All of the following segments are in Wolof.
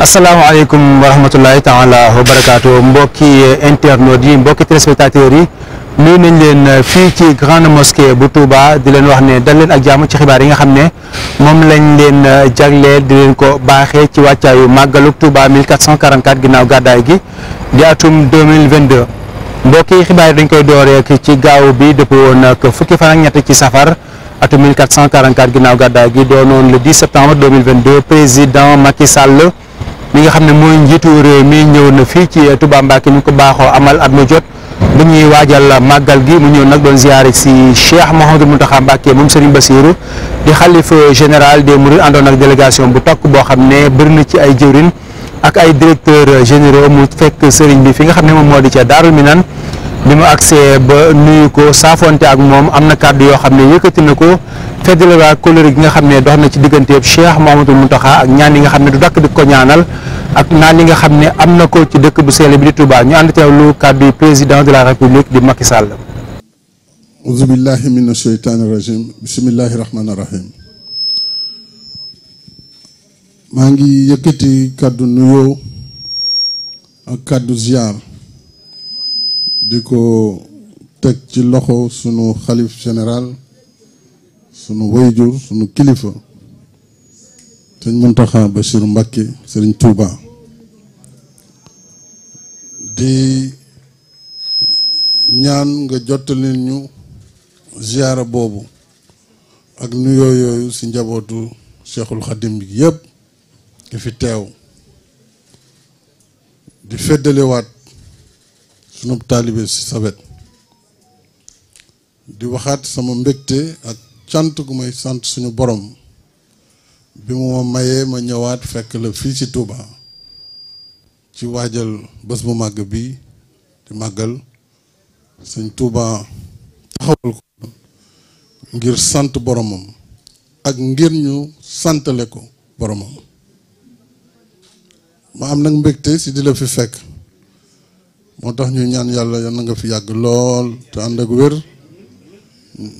asalaamaaleykum wa rahmatulahi taala wa barakaatu mbokki internautes yi mbokki téléspectateurs yi nuyu nañ leen fii ci grande mosquée bu Touba di leen wax ne dal leen ak jàmm ci xibaar yi nga xam ne moom lañ leen jagleel di leen ko baaxe ci wàccaayu màggalu Touba 1444 ginnaaw gàddaay gi di atum 2022 mbokki xibaar yi dañ koy door rek ci gaaw bi dëpp woon ak fukki fan ak ñett ci safar atum 1444 ginnaaw gàddaay gi doonoon le 10 septembre 2022 président Macky Sall. mi nga xam ne mooy njiitu réew mi ñëw na fii ci Touba Mbacké ñu ko baaxoo amal at mu jot bu ñuy waajal màggal gi mu ñëw nag doon ziare si Cheikh Mouhamadou Mountakha Mbacké moom Serigne Bassirou di xalif général des Mourides àndoon ak délégation bu takk boo xam ne bëri na ci ay jëwrin ak ay directeurs généraux mu fekk Serigne bi fi nga xam ne moom moo di ca Daarul Minaan bi mu agsee ba nuyu ko saafonte ak moom am na kàddu yoo xam ne yëkkati na ko feddale waa kóllëre gi nga xam ne dox na ci digganteeb Cheikh Mouhamadoul Mountakha ak ñaan yi nga xam ne du dakk di ko ñaanal ak naan yi nga xam ne am na ko ci dëkk bu sell bi di Touba ñu ànd teewlu kàddu président de la république di Macky Sall. auzu billahi mina sheytaani rajim bismillahi ngi yëkkati kàddu nuyoo ak kàddu di ko teg ci loxo sunu xalif général sunu wayjur sunu kilifa sëñ Muntaxa Bachir Mbacke sëriñ Touba di ñaan nga jottali ñu ziyaara boobu ak nuyoo yooyu ci njabootu Cheikhul Khadim bi yëpp ki fi teew di feddaliwaat sunu taalibe si sawet di waxaat sama mbégte ak cant gu may sant suñu borom bi mu ma mayee ma ñëwaat fekk la fii ci tuuba ci waajal bés bu màgg bi di màggal sëñ Touba taxawal ko ngir sant boromam ak ngir ñu santale ko boromam ma am nag mbégte si di la fi fekk moo tax ñuy ñaan yàlla yoon na nga fi yàgg lool te ànd ak wér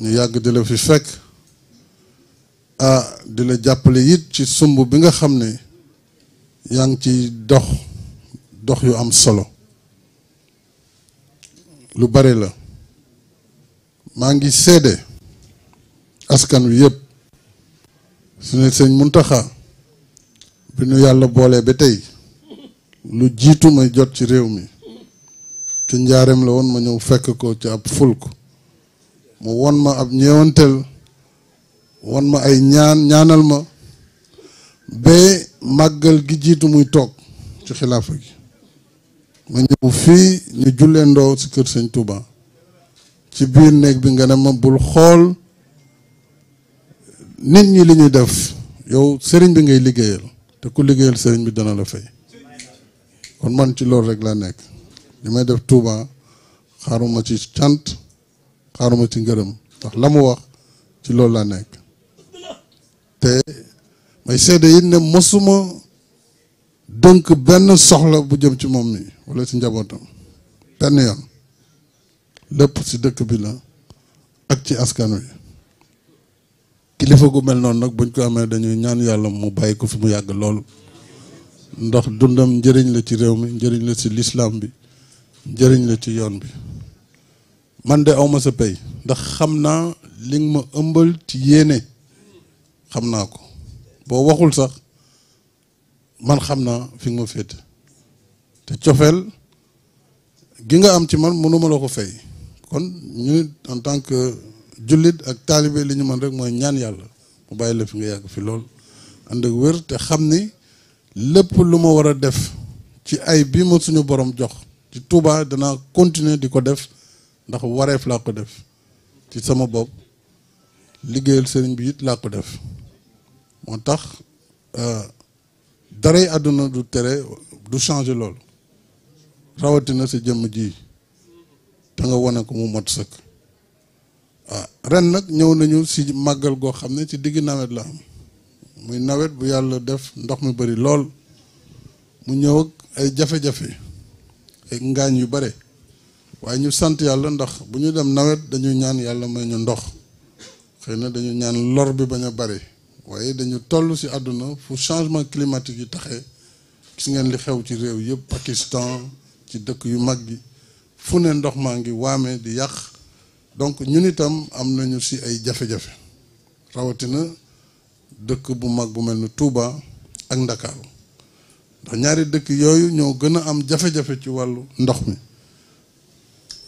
ñu yàgg di la fi fekk di la jàppale it ci sumb bi nga xam ne yaa ngi ci dox dox yu am solo lu bare la maa ngi seede askan wi yëpp su ne sëñ Muntaxa bi nu yàlla boolee ba tey lu jiitu may jot ci réew mi ci njaareem la woon ma ñëw fekk ko ci ab fulk mu won ma ab ñeewanteel won ma ay ñaan ñaanal ma ba màggal gi jiitu muy toog ci xilaafa gi ma ñëw fii ñu julleendoo ci kër sëñ Touba ci biir néeg bi nga ne ma bul xool nit ñi li ñuy def yow sëriñ bi ngay liggéeyal te ku liggéeyal sëriñ bi dana la fay kon man ci loolu rek laa nekk li may def Touba xaaruma ci cant xaaruma ci ngërëm ndax la mu wax ci loolu laa nekk te may seede it ne mosuma dënk benn soxla bu jëm ci moom mi walla ci njabootam benn yoon lépp ci dëkk bi la ak ci askan wi kilifa gu mel noonu nag buñ ko amee dañuy ñaan yàlla mu bàyyi ko fi mu yàgg lool ndox dundam njëriñ la ci réew mi njëriñ la ci lislaam bi jëriñ la ci yoon bi man de awma sa pay ndax xam naa li nga ma ëmbal ci yéene xam naa ko boo waxul sax man xam naa fi nga ma féete te cofeel gi nga am ci man mënuma la ko fay kon ñu en tant que jullit ak taalibe li ñu man rek mooy ñaan yàlla mu bàyyi la fi nga yàgg fi lool ànd ak te xam ni lépp lu ma war a def ci ay bi ma suñu boroom jox ci Touba danaa continuer di ko def ndax wareef laa ko def ci sama bopp liggéeyal sëriñ bi it laa ko def moo tax euh, daray àdduna du tere du changer loolu rawatina sa jëmm ji te nga wane ko mu mot sëkk waaw ren nag ñëw nañu si màggal goo xam ne ci digg nawet la am muy nawet bu yàlla def ndox mu bari lool mu ñëw ay jafe-jafe ay ngaañ yu bare waaye ñu sant yàlla ndax bu ñu dem nawet dañuy ñaan yàlla may ñu ndox xëy na dañu ñaan lor bi bañ a bare waaye dañu toll si àdduna fu changement climatique yi taxe gis ngeen li xew ci réew yëpp Pakistan ci dëkk yu mag yi fu ne ndox maa ngi waame di yàq donc ñun itam am nañu si ay jafe-jafe rawatina dëkk bu mag bu mel ni tuuba ak Ndakaaru ndax ñaari dëkk yooyu ñoo gën a am jafe-jafe ci wàllu ndox mi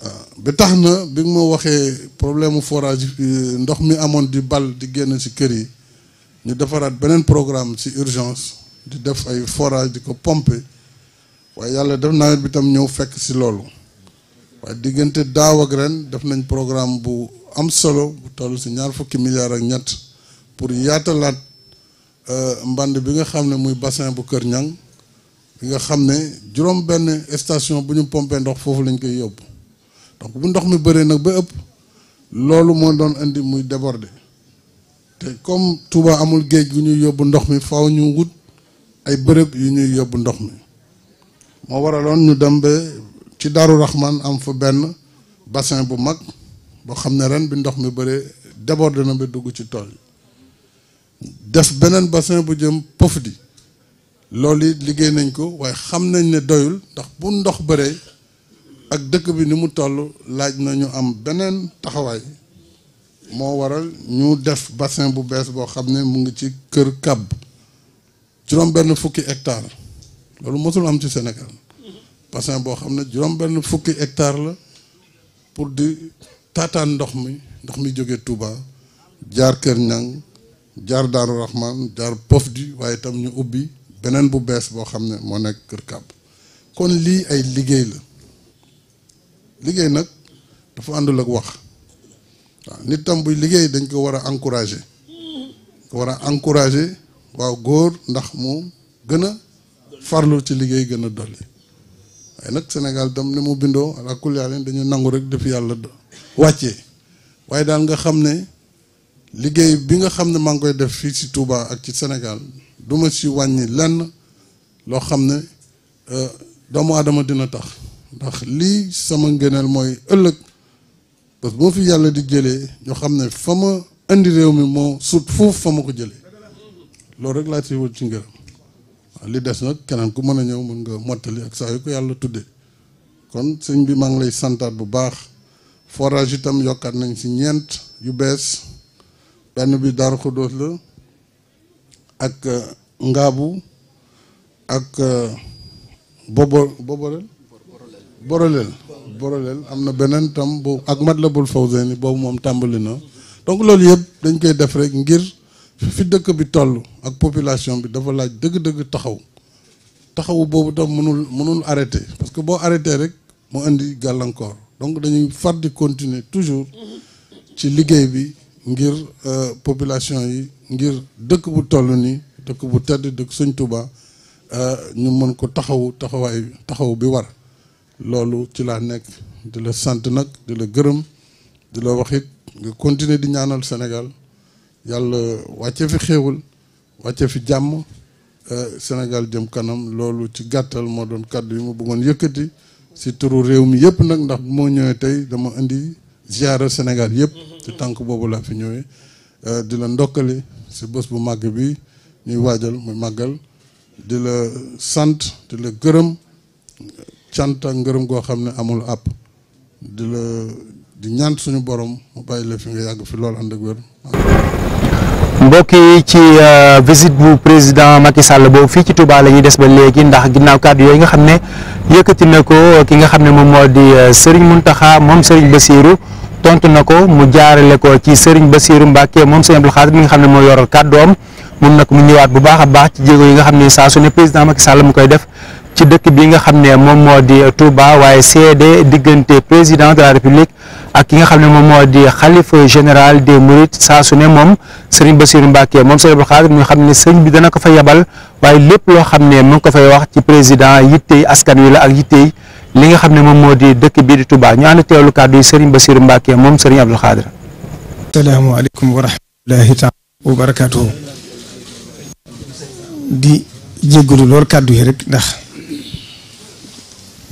waaw ah, bi tax na bi ma waxee problème mu forage euh, ndox mi amoon di bal di génn ci kër yi ñu defaraat beneen programme ci urgence di def ay forage di ko pomper waaye yàlla def nawet bi tam ñëw fekk ci loolu waaye diggante daaw ak ren def nañ programme bu am solo bu toll si ñaar fukki milliards ak ñett pour yaatalaat euh, mbànd bi nga xam ne muy bassin bu Kër ñaŋ bi nga xam ne juróom benn station bu ñu pompé ndox foofu lañ koy yóbbu donc bu ndox mi bëree nag ba ëpp loolu moo doon indi muy débordé te comme Touba amul géej gu ñuy yóbbu ndox mi faaw ñu wut ay bërëb yu ñuy yóbbu ndox mi moo waraloon ñu dem ba ci Daaru Raxmaan am fu benn bassin bu mag boo xam ne ren bi ndox mi bëree débordé na ba dugg ci tool yi def beneen bassin bu jëm Pofdy loolu it liggéey nañ ko waaye xam nañ ne doyul ndax bu ndox bëree ak dëkk bi ni mu toll laaj na ñu am beneen taxawaay moo waral ñu def bassin bu bees boo xam ne mu ngi ci kër kàbb juróom benn fukki hectare loolu mosul am ci Sénégal bassin boo xam ne juróom fukki hectare la pour di taataan ndox mi ndox mi jóge Touba jaar Kër Ñang jaar Daaru Rahman jaar Pofdi waaye itam ñu ubbi beneen bu bees boo xam ne moo nekk Kër Kàbb kon lii ay liggéey la liggéey nag dafa àndul ak wax waaw nit tam buy liggéey dañ ko war a encourager war a encourager waaw góor ndax mu gën a farlu ci liggéey gën a dolli waaye nag Sénégal tam ni mu bindoo ala kulli leen dañu nangu rek def yàlla wàcce waaye daal nga xam ne liggéey bi nga xam ne maa ngi koy def fii ci Touba ak ci Sénégal du ma si wàññi lenn loo xam ne euh, doomu aadama dina tax ndax lii sama ngëneel mooy ëllëg parce que boo fi yàlla di jëlee ñoo xam ne fa ma indi réew mi moo sut foofu fa ma ko jëlee loolu rek laa ci wut ci ngërëm li des nag keneen ku mën a ñëw mën nga mottali ak saa yu ko yàlla tudde kon sëñ bi maa ngi lay santaat bu baax forage itam yokkaat nañ si ñeent yu bees benn bi Daaru Xudóos la ak euh, Ngaabu ak euh, Bobo Boborel. Borolel Borolel am na beneen tam boobu ak mat Matlabul Fawzayni boobu moom tàmbali na donc loolu yëpp dañ koy def rek ngir fi dëkk bi toll ak population bi dafa laaj dëgg-dëgg taxaw taxawu boobu tam mënul mënul arrêté parce que boo arrêté rek mu indi gàllankoor donc dañuy far di continuer toujours ci liggéey bi. ngir euh, population yi ngir dëkk bu toll nii dëkk bu tedd dëkk Sëñ Tuuba euh, ñu mën ko taxawu taxawaay taxaw bi war loolu ci laa nekk di la sant nag di la gërëm di la waxit it nga continuer di ñaanal senegal yàlla wàcce fi xewul wàcce fi jàmm euh, senegal jëm kanam loolu ci gàttal moo doon kàddu yi ma buggoon yëkkati si turu réew mi yëpp nag ndax moo ñëwee tey dama indi ziara Sénégal yëpp ci tànk boobu laa fi ñëwee euh, di la ndokkali si bés bu màgg bi ñuy waajal mu màggal di la sant di la gërëm cant ak ngërëm goo xam ne amul àpp di la di ñaan suñu borom mu bàyyi la fi nga yàgg fi loolu ànd ak wér. mbokk yi ci euh, visite bu président Macky Sall boobu fii ci Touba la ñuy des ba léegi ndax ginnaaw yooyu nga xam ne yëkkati na ko ki nga xam ne moom moo di euh, Serigne Mountakha moom Serigne Bassirou. tontu na ko mu jaarale ko ci Serigne Bassirou Mbacke moom Serigne Abdou Khadre mi nga xam ne moo yoral kàddoom moom nag mu ñëwaat bu baax a baax ci jéego yi nga xam ne saa su président Macky Sall koy def ci dëkk bi nga xam ne moom moo di Touba waaye seede diggante président de ak ki nga xam ne moom moo di xalifa général des Mourides saa su moom Serigne Bassirou Mbacke moom Serigne Abdou Khadre mu xam ne sëñ bi dana ko fa yebal waaye lépp loo xam ne mu ko fay wax ci président yittey askan wi la ak yittey li nga xam ne moom moo di dëkk bii di tubaa ñu ànd teewlu kàddu yi Serigne Bassirou Mbacke moom Serigne Abdou Khadre. asalaamaaleykum wa rahmatulahi taala wa di jégalu lool kàddu yi rek ndax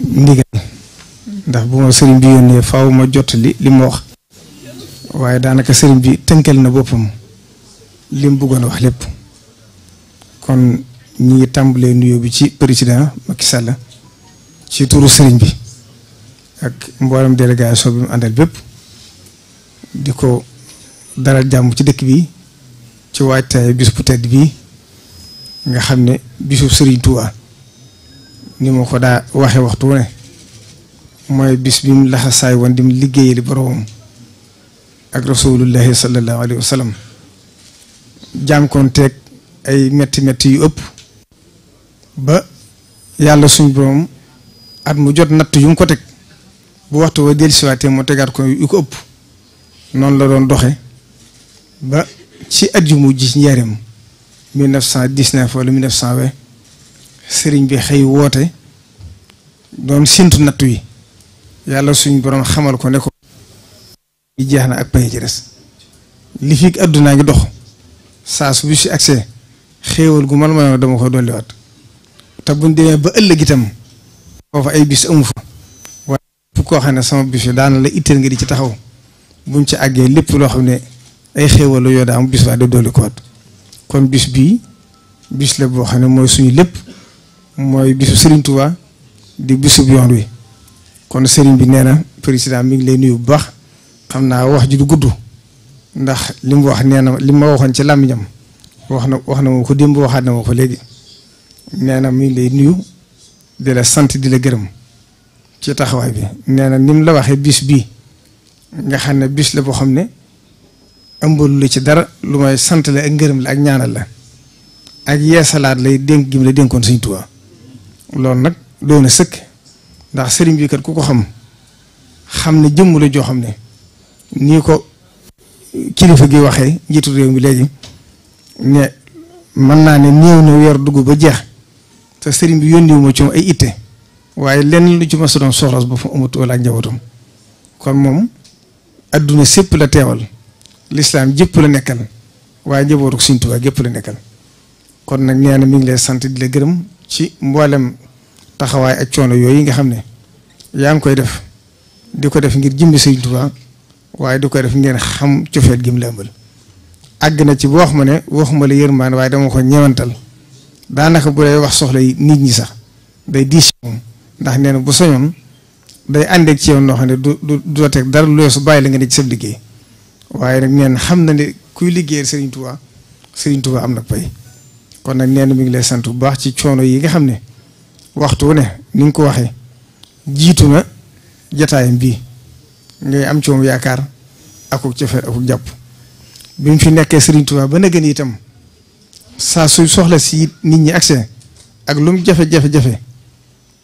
ndigal ndax bu ma sëriñ bi yónnee faaw ma jot li li ma wax waaye daanaka sëriñ bi tënkal na boppam li mu bëggoon a wax lépp kon ñi ngi tàmbalee nuyoo bi ci président Macky Sall. ci turu sëriñ bi ak mboolam délégation bi mu àndal bépp di ko dara jàmm ci dëkk bi ci waajtaay bis bu tedd nga xam ne bisu sëriñ Touba ni ma ko daa waxe waxtu wu ne mooy bis bi mu laxa woon di mu liggéeyali boromam ak rasulullahi sallallahu alayhi wa sallam jànkoonteeg ay metti metti yu ëpp ba yàlla suñ borom at mu jot natt yu mu ko teg bu waxtu wa dellusiwaatee mu tegaat ko yu ko ëpp noonu la doon doxe ba ci at yu mujj ci njaareem 1919 wala 1920 sëriñ bi xëy woote doon sintu natt yi yàlla suñ borom xamal ko ne ko jeex na ak pay ci des li fi àddunaa ngi dox saa su bu si accès xéewal gu man ma dama koy dolliwaat te buñ demee ba ëllëg itam foofu ay bis amu fa waaye fu koo xam ne sama bis yi daana la itteel nga di ci taxaw buñ ci àggee lépp loo xam ne ay xéewalu yoo daa am bis waa de dolli ko kon bis bii bis la boo xam ne mooy suñu lépp mooy bisu Serigne Touba di bisu yoon wi kon Serigne bi nee na président mi ngi lay nuyu bu baax xam naa wax ji du gudd ndax li mu wax nee na li ma waxoon ci làmmiñam wax na wax na ma ko démb waxaat na ma ko léegi nee na mi ngi lay nuyu. di la sant di la gërëm ci taxawaay bi nee na ni la waxee bis bii nga xam ne bis la boo xam ne ëmbalu la ci dara lu may sant la ak ngërëm la ak ñaanal la ak yee salaat lay dénk gi mu la dénkoon Sëriñ Tuubaa loolu nag doon na sëkk ndax sëriñ bi kat ku ko xam xam ne jëmm la joo xam ne nii ko kilifa gi waxee njiitu réew mi léegi ne mën naa ne néew na weer dugg ba jeex. sa sëriñ bi yónni moo ci ay itte waaye lenn lu ci mos a doon soxla ba fa amatu wala ak njabootam kon moom adduna sépp la teewal lislaam jëpp la nekkal waaye njabootu Sëriñ Tuubaa jëpp la nekkal kon nag nee na ngi lay sant di la gërëm ci mboolem taxawaay ak coono yooyu nga xam ne yaa ngi koy def di ko def ngir jëmmi Sëriñ Tuubaa waaye di ko def ngeen xam cofeet gi mu la ëmbal àgg na ci boo ma ne waxuma la yërmaan waaye dama ko ñewantal. daanaka bu lay wax soxla yi nit ñi sax day diis moom ndax nee na bu soñoon day ànd ak ci yoon loo xam ne du du du la teg dara lu su bàyyi la nga ne ci liggéey waaye nag nee xam na ne kuy liggéey Serigne Touba Serigne Touba am nag pay kon nag nee na ngi lay sant bu baax ci coono yi nga xam ne waxtu ne ni ko waxee jiitu na jataayam bii ngay am ci yaakaar akuk cofeel akuk jàpp bi mu fi nekkee Serigne Touba ba nag itam. saa suy soxla si nit ñi accès ak lu jafe-jafe jafe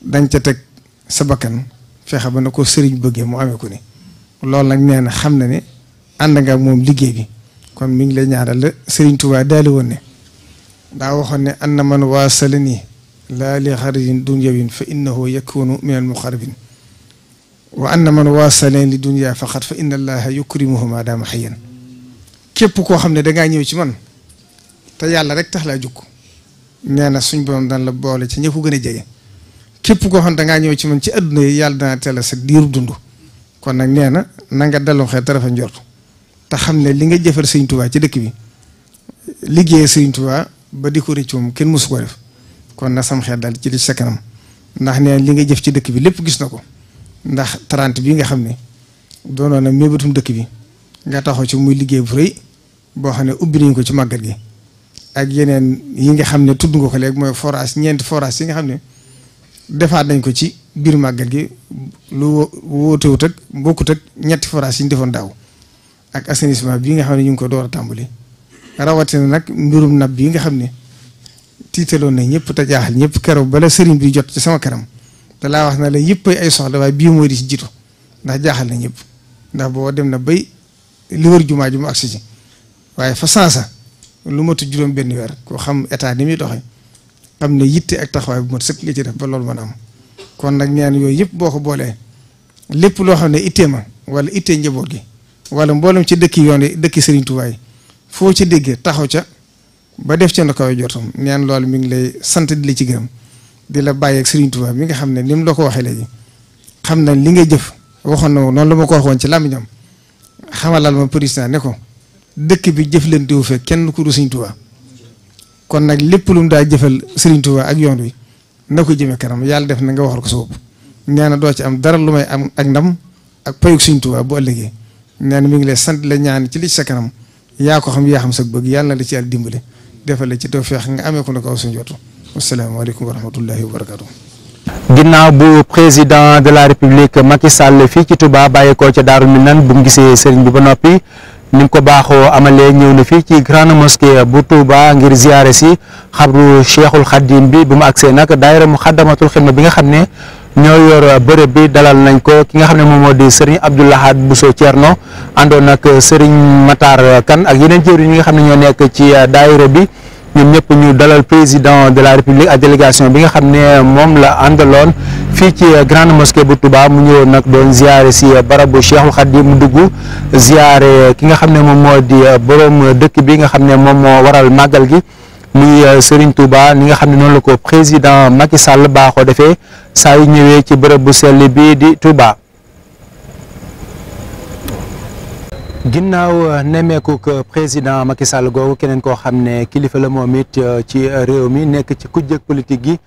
dañ ca teg sa bakkan fexe ba na ko sëriñ bëggee mu amee ko ni loolu nag nee na xam na ne ànd nga moom liggéey bi kon mi ngi lay ñaanal la sëriñ Tuubaa daali woon ne daa waxoon ne an na man waasala nii laa li xarijin dunyawin fa innahu yakunu min al muqarrabin wa an na man waasalen li dunya faqat fa inna allaha yukrimuhu ma daama xayyan képp koo xam ne dangaa ñëw ci man te yàlla rek tax laa jukk nee na suñ borom dana la boole ci ñi ko gën a jege képp koo xam ne dangaa ñëw ci man ci adduna yi yàlla dana teel a sa diiru dund kon nag nee na na nga delloo xel te dafa njort te xam ne li nga jëfal sëñ ci dëkk bi liggéey sëñ ba di ko rëccu kenn mësu ko def kon na sam xel daal ci li sa ndax nee li nga jëf ci dëkk bi lépp gis na ko ndax 30 bii nga xam ne doonoon na mébétum dëkk bi nga ko ci muy liggéey bu rëy boo xam ne ubbi nañ ko ci màggat gi ak yeneen yi nga xam ne tudd nga ko léegi mooy forage ñeenti forage yi nga xam ne defaat nañ ko ci biir màggal gi lu wóotewut ak bokkut ak ñetti forage yi ñu defoon daaw ak assainissement bii nga xam ne ñu ngi ko door a tàmbali rawatina nag mbirum nab bii nga xam ne tiitaloon na ñëpp te jaaxal ñëpp keroog bala sëriñ bi jot ci sama kanam te laa wax na la yëpp ay soxla waaye bii mooy di ci jiitu ndax jaaxal na ñëpp ndax boo dem na bay li wër jumaa ju mu agsi ci waaye fa sansa lu matu juróom benn weer ko xam état ni muy doxe xam ne yitte ak taxawaay bu mat sëkk nga ci def ba loolu mën a am kon nag ñaan yooyu yëpp boo ko boolee lépp loo xam ne ite ma wala ittee njaboot gi wala mboolem ci dëkki yoon yi dëkki Serigne Touba foo ci déggee taxaw ca ba def ca la kaw jotam ñaan loolu mi ngi lay sant di la ci gërëm di la bàyyeeg Serigne Touba mi nga xam ne ni mu la ko waxee léegi xam na li nga jëf waxoon na noonu la ma ko waxoon ci làmmiñam xamalal ma président ne ko. dëkk bi jëf jëflantewu fee kenn ku du Sëriñ Tuubaa kon nag lépp lu mu daa jëfal Sëriñ Tuubaa ak yoon wi na ko jëme kanam yàlla def na nga waxal ko sa bopp nee doo ci am dara lu may am ak ndam ak payug Sëriñ Tuubaa bu ëllëgee nee na mi ngi lay sant la ñaan ci li sa kanam yaa xam yaa xam sa bëgg yàlla na la ci yàlla dimbale defal la ci nga amee ko na ko aw suñu jotu wa rahmatullahi wa barakatu ginnaaw bu président de la république Macky Sall fii ci Touba bàyyi ko ca Daaru Minane bu mu gisee sëriñ bi ba noppi nim ko baaxoo amalee ñëw na fii ci grande mosquée bu Touba ngir ziare si xabru cheikhul xadim bi bu mu agsee nag daayira mu xaddamatul xidma bi nga xam ne ñoo yor bërëb bi dalal nañ ko ki nga xam ne moom moo di Serigne Abdou Lahad Bousso Thierno àndoon nag Serigne Matar kan ak yeneen jëwriñ yi nga xam ne ñoo nekk ci daayira bi. ñoom ñëpp ñu dalal président de la république ak délégation bi nga xam ne moom la àndaloon fii ci grande mosquée bu Touba mu ñëwoon nag doon ziare si barabu Cheikhul Khadim mu dugg ziare ki nga xam ne moom moo di borom dëkk bi nga xam ne moom moo waral màggal gi muy Serigne Touba ni nga xam ne noonu la ko président Macky Sall baaxoo defee saa yu ñëwee ci bërëb bu sell bi di tubaa ginnaaw euh, nemmeekuk euh, président Macky Sall googu keneen koo xam ne kilifa la moom it euh, ci réew mi nekk ci kujjëg politique gi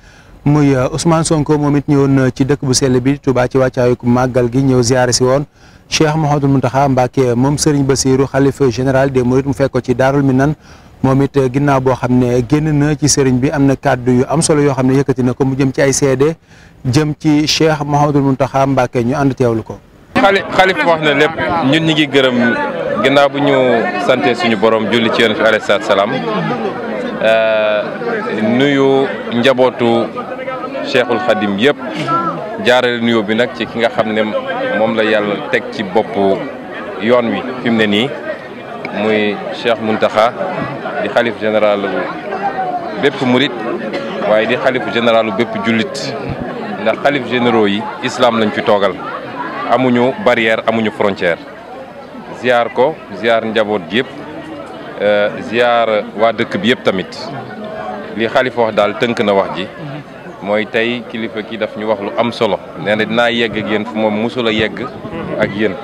muy Ousmane Sonko moom it ñëwoon ci dëkk bu sell bi tubaa ci wàccaayu màggal gi ñëw ziare si woon Cheikh Mouhamadou Mountakha Mbacké moom Serigne Bassirou xalifa général des Mourides mu fekk ko ci Daarul mi nan moomit ginnaaw boo xam ne génn na ci sëriñ bi am na kàddu yu am solo yoo xam ne yëkkati na ko mu jëm ci ay seede jëm ci Cheikh Mouhamadou Mountakha ñu ànd ko. xali xalif wax na lépp ñun ñi ngi gërëm ginnaaw bu ñu sante suñu borom julli ci yonent fi alayhi salaatu salaam euh, nuyu njabootu cheikhul xadim yëpp jaarale nuyoo bi nag ci ki nga xam ne moom la yàlla teg ci boppu yoon wi fi mu ne nii muy cheikh Muntaxa di xalif général bépp murit waaye di xalif général bépp jullit ndax xalif généraux yi islam lañ ci toogal amuñu barrière amuñu frontière ziar ko ziar njaboot gi yëpp euh, ziar waa dëkk bi yëpp tamit li xalifa daal tënk na wax ji mooy tey kilifa ki daf ñu wax lu am solo nee na dinaa yegg ak yéen fu moom musul a yegg ak yéen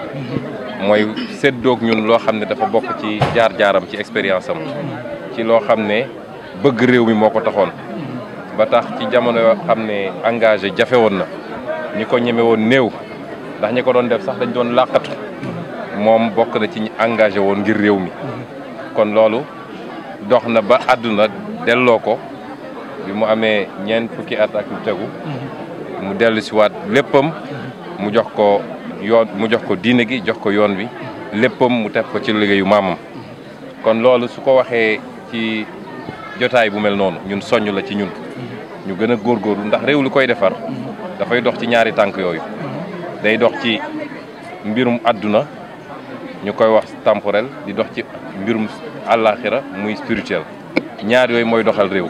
mooy séddoog ñun loo xam ne dafa bokk ci jaar-jaaram ci expérience am ci loo xam ne bëgg réew mi moo ko taxoon ba tax ci jamono yoo xam ne engagé jafe woon na ñi ko ñeme woon néew ndax ñi ko doon def sax dañ doon làqatu moom bokk na ci ñi engagé woon ngir réew mi kon loolu dox na ba àdduna delloo ko bi mu amee ñeent fukki at ak lu mu dellu si waat léppam mu jox ko yoon mu jox ko diine gi jox ko yoon wi léppam mu teg ko ci liggéeyu maamam kon loolu su ko waxee ci jotaay bu mel noonu ñun soññ la ci ñun ñu gën a góorgóorlu ndax réew li koy defar dafay dox ci ñaari tànk yooyu day dox ci mbirum àdduna ñu koy wax temporel di dox ci mbirum àllaaxira muy spirituel ñaar yooyu mooy doxal réew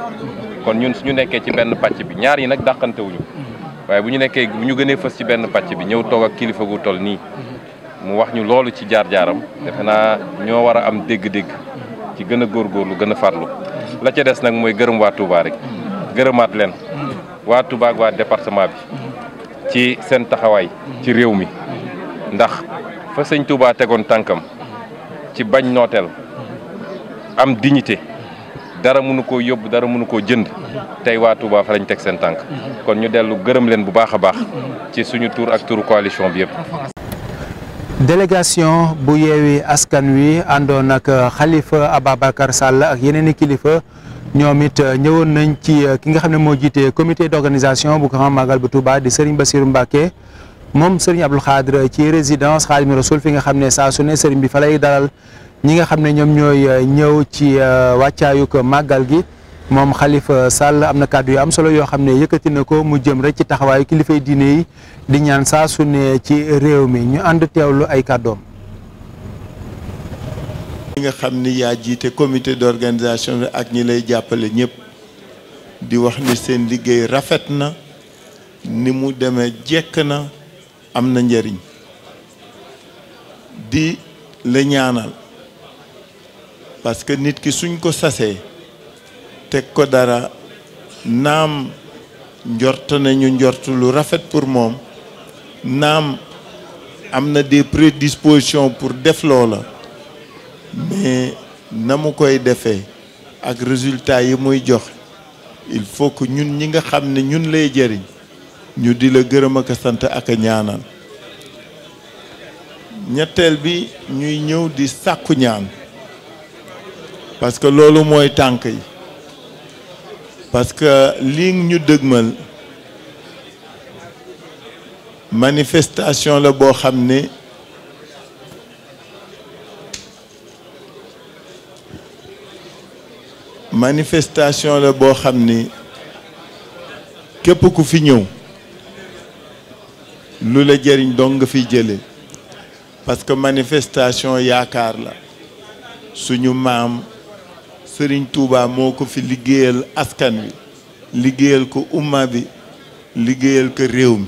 kon ñun su ñu nekkee ci benn pàcc bi ñaar yi nag dàqantewuñu waaye bu ñu nekkee bu ñu gënee fës ci benn pàcc bi ñëw toog ak kilifa gu toll nii mu wax ñu loolu ci jaar-jaaram defe naa ñoo war a am dégg-dégg ci gën a góor góorgóorlu gën a farlu la ca des nag mooy gërëm waa Touba rek gërëmaat leen waa Touba ak waa département bi ci seen taxawaay ci réew mi ndax fa sëñ Touba tegoon tànkam ci bañ nooteel am dignité dara mënu koo yóbbu dara mënu koo jënd tey waa Touba fa lañ teg seen tànk kon ñu dellu gërëm leen bu baax a baax ci suñu tour ak tour coalition bi yëpp délégation bu yeewi askan wi àndoon ak Khalifa Ababacar Sall ak yeneen kilifa ñoom it euh, ñëwoon nañ ci euh, ki nga xam ne moo jiite comité d'organisation bu Grand Magal bu Touba di Serigne Bassirou Mbacké moom Serigne Abdou Khadre ci résidence Khadimou Rassoul fi nga xam ne saa sunee ne bi fa lay dalal ñi nga xam ne ñoom ñooy euh, ñëw ci wàccaayug màggal gi moom xalifa Sall am na kàddu yu am solo yoo xam ne yëkkati na ko mu jëm rek ci taxawaayu kilifay diine yi di ñaan saa su ci réew mi ñu ànd teewlu ay kàddoom. li nga xam ni yaa jiite comité d'organisation bi ak ñi lay jàppale ñëpp di wax ni seen liggéey rafet na ni mu demee jekk na am na njëriñ di la ñaanal parce que nit ki suñ ko sasee teg ko dara naam njort nañu njort lu rafet pour moom naam am na des prédispositions pour def loola mais na mu koy defee ak résultat yi muy jox il faut que ñun ñi nga xam ne ñun lay jëriñ ñu di la gërëm ak a sant ak a ñaanal ñetteel bi ñuy ñëw di sàkku ñaan parce que loolu mooy tànk yi parce que lii ñu dëgmal manifestation la boo xam ne manifestation la boo xam ni képp ku fi ñëw lu la jëriñ dong nga fiy jële parce que manifestation yaakaar la suñu maam sëriñ tuubaa moo ko fi liggéeyal askan wi liggéeyal ko umma bi liggéeyal ko réew mi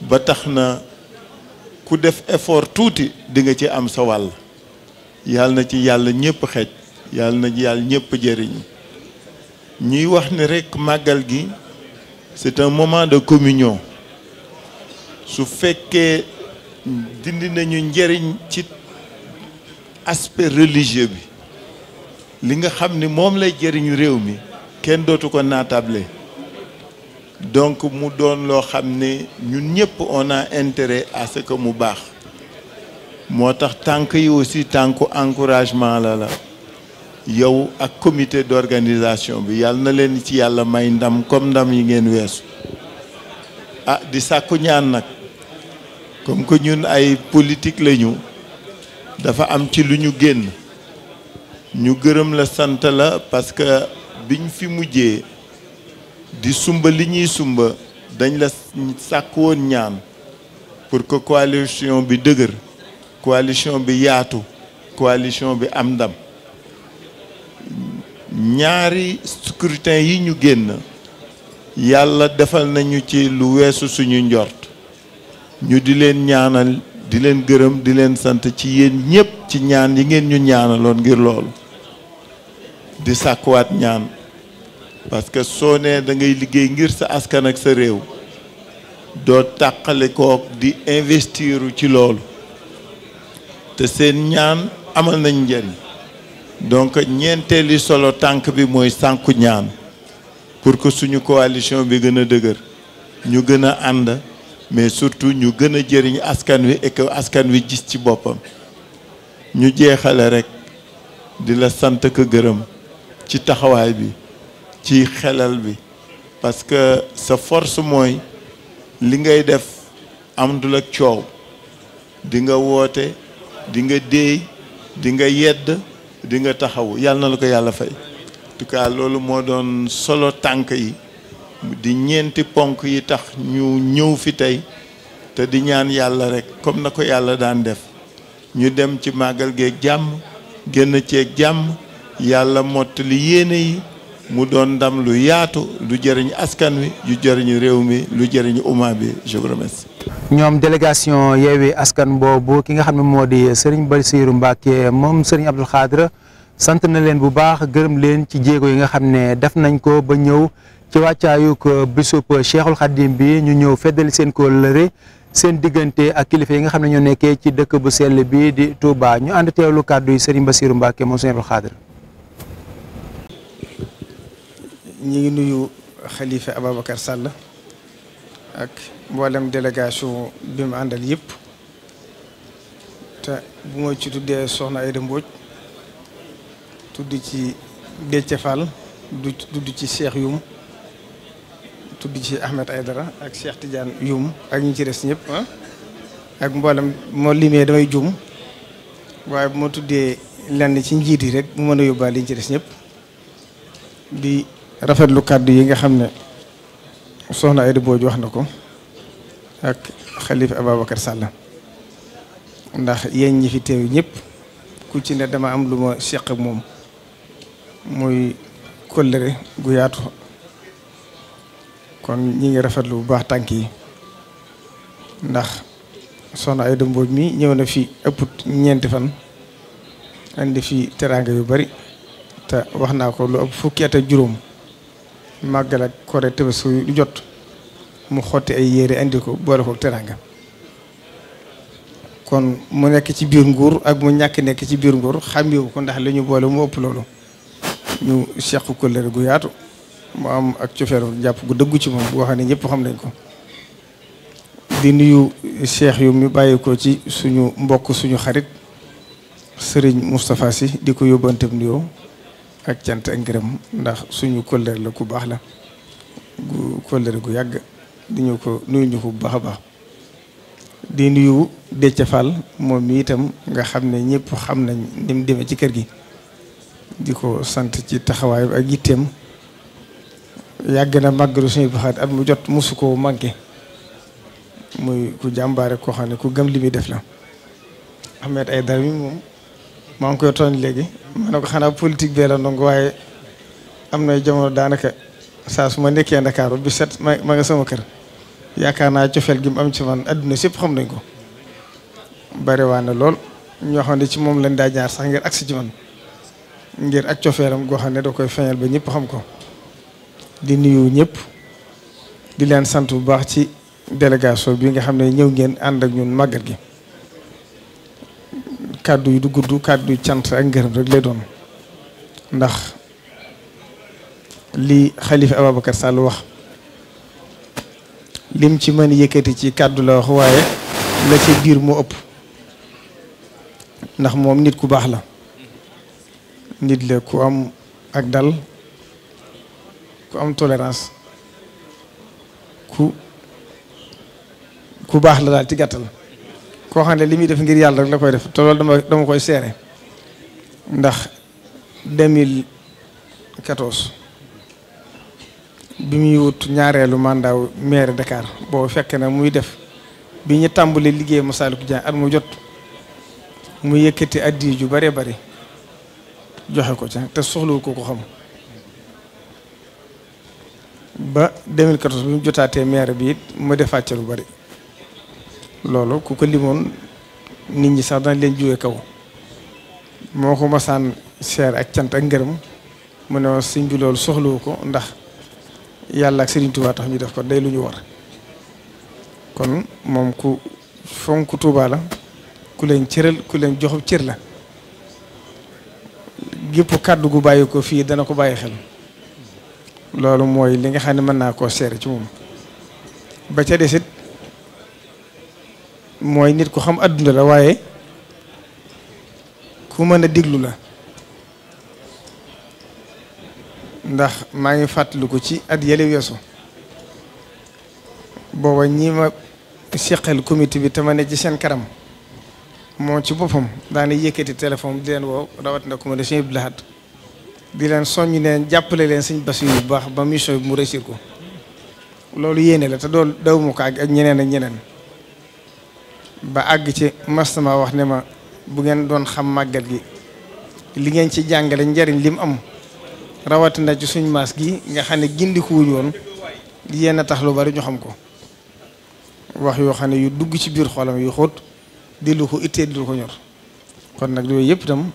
ba tax na ku def effort tuuti dinga ci am sa wàll yàlla na ci yàlla ñépp xej yàlla na yàlla ñëpp jëriñ ñuy wax ne rekk màggal gi c'est un moment de communion su fekkee dindi nañu njëriñ ci aspect religieux bi li nga xam ni moom lay jëriñu réew mi kenn dootu ko naatable donc mu doon loo xam ne ñun ñëpp on a intérêt à que mu baax moo tax tànk yi aussi tànku encouragement la la yow ak comité d'organisation bi yàlla na leen ci yàlla may ndam comme ndam yi ngeen weesu ah di sàkku ñaan nag comme que ñun ay politique lañu dafa am ci lu ñu génn ñu gërëm la sant la parce que biñ fi mujjee di sumba li ñuy sumba dañ la sàkk woon ñaan pour que coalition bi dëgër coalition bi yaatu coalition bi am ndam ñaari scrutin yi ñu génn yàlla defal nañu ci lu weesu suñu njort ñu di leen ñaanal di leen gërëm di leen sant ci yéen ñépp ci ñaan yi ngeen ñu ñaanaloon ngir loolu di sàkkuwaat ñaan parce que soo nee da ngay liggéey ngir sa askan ak sa réew doo tàqale kook di investiru ci loolu te seen ñaan amal nañ njariñ donc ñeenteeli solo tànk bi mooy sànku ñaan pour que suñu coalition bi gën a dëgër ñu gën a ànd mais surtout ñu gën a jëriñ askan wi et askan wi gis ci boppam ñu jeexale rek di la sant ak gërëm ci taxawaay bi ci xelal bi parce que sa force mooy li ngay def am amdul ak coow di nga woote di nga déey di nga yedd di nga taxaw yàlla na la ko yàlla fay en loolu moo doon solo tànk yi di ñeenti ponk yi tax ñu ñëw fi tey te di ñaan yàlla rek comme na ko yàlla daan def ñu dem ci màggal gee jàmm génn cee jàmm yàlla mottali yéene yi mu doon ndam lu yaatu lu jëriñ askan wi lu jëriñ réew mi lu jëriñ umma bi je vous ñoom délégation Yewwi Askan boobu ki nga xam ne moo di Serigne basiiru Mbacké moom Serigne Abdou Khadre sant na leen bu baax gërëm leen ci jéego yi nga xam ne def nañ ko ba ñëw ci wàccaayug bisub Cheikhul Khadim bi ñu ñëw feddali seen kóllëre seen diggante ak kilifa yi nga xam ne ñoo nekkee ci dëkk bu sell bi di Touba ñu ànd teewlu kàddu yi Serigne Bassirou Mbacké moom Serigne Abdou ñi ngi nuyu xalifa Ababacar Sall ak mboolem délégation bi mu àndal yëpp te bu ma ci tuddee Soxna Aïda Mbodj tudd ci Déthié Fall du tudd ci Cheikh Youm tudd ci ay dara ak seex Tidiane Youm ak ñi ci des ñëpp ah. ak mboolem moo limee damay juum waaye bu ma tuddee land ci njiit yi rek mu mën a yóbbaal li ñu ci des ñëpp rafetlu kàddu yi nga xam ne soxna Aida Mbodj wax na ko ak xalifa Ababacar Sall ndax yéen ñi fi teew ñépp ku ci ne dama am lu ma seq ak moom muy kóllëre gu yaatu kon ñi ngi rafetlu bu baax tànk yi ndax soxna Aida Mbodj mi ñëw na fi ëpp ñeenti fan andi fi teraanga yu bari te wax naa ko lu ëpp fukki at ak juróom màggal ak kore tëbësu du jot mu xotti ay yére indi ko boole ko teraanga kon mu nekk ci biir nguur ak mu ñàkk nekk ci biir nguur xàmmewu ko ndax li ñu boole mu ëpp loolu ñu seq kóllëre gu yaatu mu am ak cofeeru jàpp gu dëggu ci moom boo xam ne ñëpp xam nañ ko di nuyu cheikh yu mu bàyyi ko ci suñu mbokk suñu xarit sëriñ Moustapha Sy di ko yóbbanteem nuyoo ak cant ak ngërëm ndax suñu kóllëre la ku baax la gu kóllëre gu yàgg di ñu ko nuyuñu ko bu baax a baax di nuyu Déthié Fall moom mi itam nga xam ne ñëpp xam nañ ni mu ci kër gi di ko sant ci taxawaay ak yitteem yàgg na màggalu suñu baxaat ak mu jot mosu koo manqué muy ku jàmbaare koo xam ne ku gëm li muy def la Ahmed Aïdara mi moom maa ngi koy tooñ léegi ma ne ko xanaa politique bee la ndongo waaye am na jamono daanaka saa su ma nekkee Ndakaaru bi set ma ma nga sama kër yaakaar naa cofeel gi mu am ci man adduna si yëpp xam nañ ko bari waa na lool ñoo xam ne ci moom lañ daa jaar sax ngir agsi ci man ngir ak cofeelam goo xam ne da koy feeñal ba ñëpp xam ko di nuyu ñëpp di leen sant bu baax ci délégation bi nga xam ne ñëw ngeen ànd ak ñun màggal gi kàddu yi du gudd kàddu yu cant ak ngërëm rek lay doon ndax li xalifa Ababacar Sall wax lim ci mën yëkkati ci kàddu la wax waaye la ci biir moo ëpp ndax moom nit ku baax la nit la ku am ak dal ku am tolérance ku ku baax la daal ci gàttal koo xam ne li muy def ngir yàlla rek la koy def tolool loolu dama dama koy seere ndax 2014 bi muy wut ñaareelu mandat wu maire Dakar boobu fekk na muy def bi ñu tàmbalee liggéey Massalikul Jinaan at mu jot mu yëkkati addi ju bare bare joxe ko ca te soxlawu ko ko xam ba 2014 bi mu jotaatee maire bi it mu defaat ca lu bari. loolu ku ko limoon nit ñi sax dañ leen juwe kaw moo ko masaan seer ak cant ak ngërëm mu ne sëñ bi loolu soxlawu ko ndax yàlla ak Serigne Touba tax ñu def ko day lu ñu war kon moom ku fonk Touba la ku leen cëral ku leen joxub cër la gépp kàddu gu bàyyi ko fii dana ko bàyyi xel loolu mooy li nga xam ne mën naa koo seer ci moom ba ca desit mooy nit ku xam adduna la waaye ku mën a diglu la ndax maa ngi fàttaliku ci ak yële weesu booba ñii ma seqal comité bi te ma ne ci seen karam moo ci boppam daana yëkkati téléphone di leen woo rawatina ku ma ne sëñ Abdou Lahad di leen soññ leen jàppale leen sëñ Bass yu bu baax ba mission bi mu réussir ko loolu yéene la te dool daw ko ak ñeneen ak ñeneen ba àgg ci mas ma wax ne ma bu ngeen doon xam màggal gi li ngeen ci jàngale njariñ lim am rawatina ci suñ maas gi nga xam ne gindiku wuñ woon yéen a tax lu bari ñu xam ko wax yoo xam ne yu dugg ci biir xolam yu xóot di lu ko ittee di lu ko ñor kon nag yooyu yëpp itam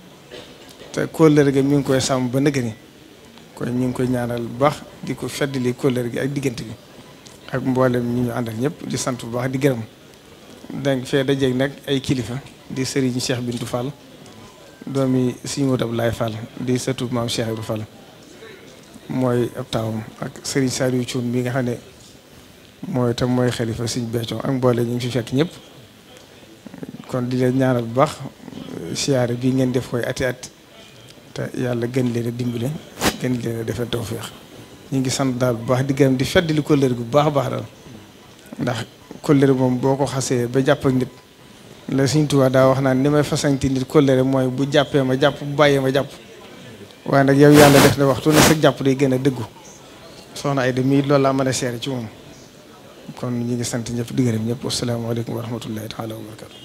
te kóllëre gi mi ngi koy sàmm ba nëgëni kon ñu ngi koy ñaanal bu baax di ko feddali kóllëre gi ak diggante bi ak mboolem ñi ñu àndal ñëpp di sant bu baax di gërëm. danga fee dajeeg nag ay kilifa di sëriñ Cheikh bindu Fall doomi Sëriñ Modou Abdoulaye Fall di sëtu maam Cheikh Ibra Fall mooy ab taawam ak sëriñ Saliou Thioune mi nga xam ne mooy tam mooy xalifa Sëriñ Béthio ak mboole ñu ngi fi fekk ñëpp kon di leen ñaanal bu baax siyaare bii ngeen def koy ati at te yàlla gën leen a dimbale gën leen a defal tawféex ñu ngi sant daal bu baax di gërëm di fedd ko lër bu baax baax daal ndax kóllëre moom boo ko xasee ba jàpp ak la Sëriñ Tuubaa daa wax naan ni may fasanti nit kóllëre mooy bu jàppee ma jàpp bu bàyyee ma jàpp waaye nag yow yàlla def na waxtu ne sa jàpp day gën a dëggu soxna ay dem mii loolu laa mën a seere ci moom kon ñu ngi sant ñëpp di gërëm ñëpp asalaamaaleykum wa rahmatullahi taala wa barakatu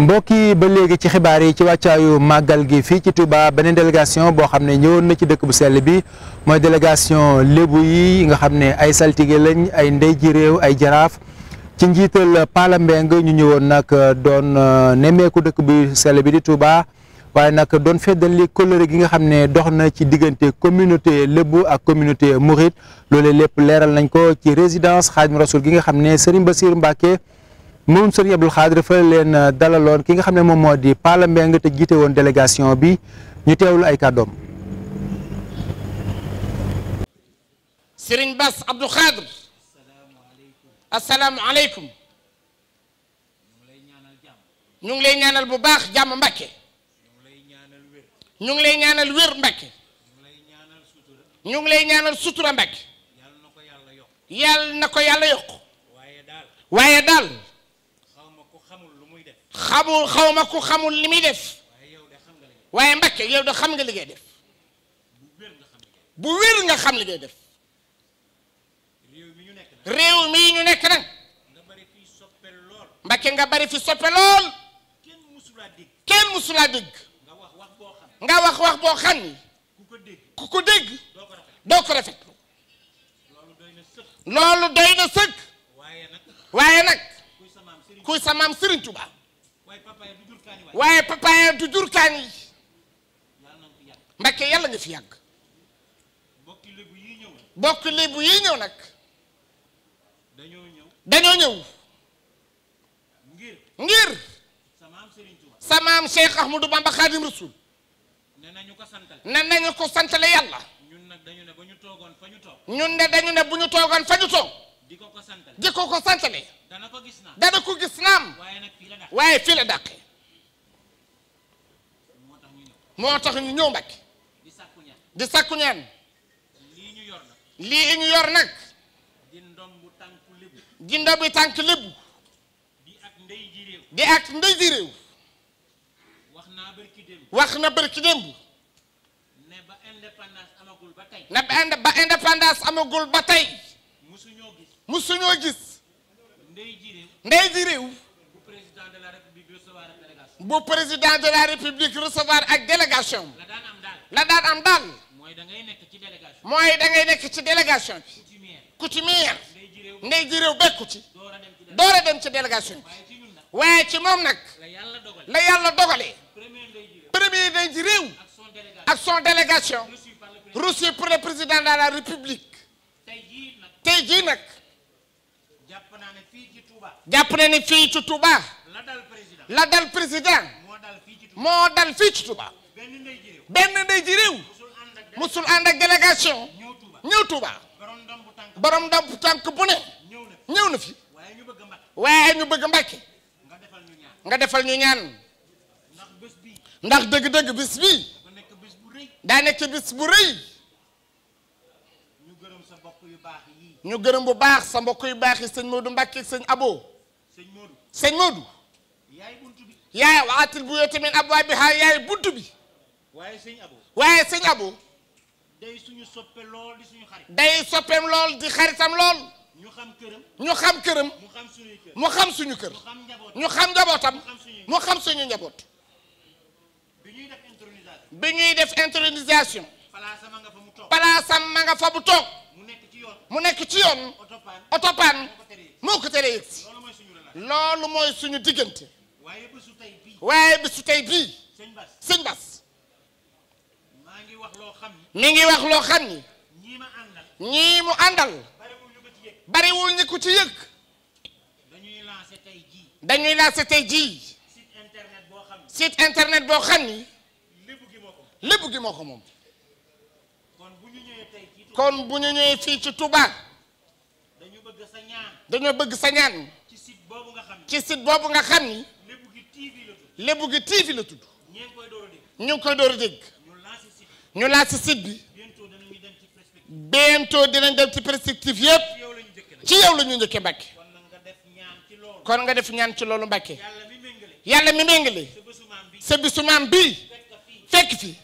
mbokk yi ba léegi ci xibaar yi ci wàccaayu màggal gi fii ci Touba beneen délégation boo xam ne ñëwoon na ci dëkk bu sell bi mooy délégation lébu yi nga xam ne ay saltige lañ ay ndey ji réew ay jaraaf ci njiital Pala Mbeng ñu ñëwoon nag doon euh, nemmeeku dëkk bu sell bi di Touba waaye nag doon feddali kóllëre gi nga xam ne dox na ci diggante communauté lébu ak communauté mouride loolee lépp leeral nañ ko ci résidence Xaadimu Rasuul gi nga xam ne Serigne Bassirou Mbacké moom sëriñ Abdou Khadre dafa leen euh, dalaloon ki nga xam ne moom moo di Pala nga te jiite woon délégation bi ñu teewlu ay kàddoom. sëriñ Bass Abdou Khadre asalaamualeykum ñu ngi lay ñaanal bu baax jàmm Mbàkke ñu ngi lay ñaanal wér Mbàkke ñu ngi lay ñaanal sutura Mbàkke yàlla na ko yàlla yokk waaye daal. xamul xaw ma ku xamul li muy def waaye Mbàkke yow de xam nga li ngay def bu wér nga xam li ngay def réew mii ñu nekk na Mbàkke nga bari fi nga wax wax boo xam ni ku ko dégg doo ko rafetlu loolu doy na sëkk waaye nag kuy sa maam Serigne Touba. waaye papaaya du jur kaan yi mbakke yàlla nga fi yàgg bokk lébu yi ñëw nag dañoo ñëw ngir sa maam Cheikh Ahmadou Bamba Khadim Rasoul ne nañu ko santale ne nañu ko santale yàlla ñun nag dañu ne bu ñu toogoon fa ñu toog ñun ne dañu ne bu ñu toogoon fa ñu toog di ko ko di ko ko santale dana ko gis naam dana ko gis naam waaye fii la dàqee moo tax ñu ñëw Mbàkke di sàkku ñaan lii ñu yor nag lii di ndombu tànk lébu tànk lébu di ak ndey ji réew di ak ndey ji réew wax naa barki démb wax na barki démb ne ba indépendance amagul ba tey ne ba indépendance amagul ba tey musuñoo gis gis ndey ji réew bu président de la république recevoir ak délégation la daan am daal mooy da ngay nekk ci délégation bi coutumière ndey ji réew bekku ci door a dem ci délégation bi waaye ci moom nag la yàlla dogalee premier ndey ji réew ak son délégation reçu pour le président de la république tey jii nag jàpp naa ne fii jàpp ne ni fii ci Touba la dal président moo dal fii ci Touba benn ndey ji réew musul ànd ak délégation ñëw Touba borom ndamp tànk bu ne ñëw na fi waaye ñu bëgg Mbàkke nga defal ñu ñaan ndax dëgg-dëgg bis bii daa nekk bis bu rëy ñu gërëm bu baax sa mbokk yu baax yi sëñ Modou Mbacke sëñ Abo. sëñ Modou. yaay buntu bi. yaay waatil bu yoote min yaay buntu bi. waaye sëñ Abo. waaye sëñ Abo. day suñu soppe lool di suñu xarit. day soppeem lool di xaritam lool. ñu xam këram. ñu xam mu xam suñu kër. mu xam suñu kër. ñu xam njabootam. mu xam suñu njaboot. bi ñuy def intronisation. bi ñuy def intronisation. palaasam ma nga fa mu toog. bu toog. mu nekk ci yoon otopaan moo ko tere yëg loolu mooy suñu diggante waaye bésu tey bii sëñ Bas mi ngi wax loo xam ni ñii mu àndal bariwul ñi ko ci yëg dañuy lancé tey jii site internet boo xam ni lébu gi moo ko moom kon bu ñu ñëwee fii ci Touba. dañu bëgg sa ñaan. dañoo bëgg sa ñaan. ci site boobu nga xam ni. ci site nga xam ni. lébu gi TV la tudd. lébu gi TV la tudd. ñu ngi koy door a dégg. ñu ngi koy door a dégg. ñu laal si site bi. bientôt dinañ dem ci perspective yépp ci yow la ñu njëkkee Mbàkke kon nga def ñaan ci loolu Mbàkke yàlla mi méngale sa bisu maam bii fekk fi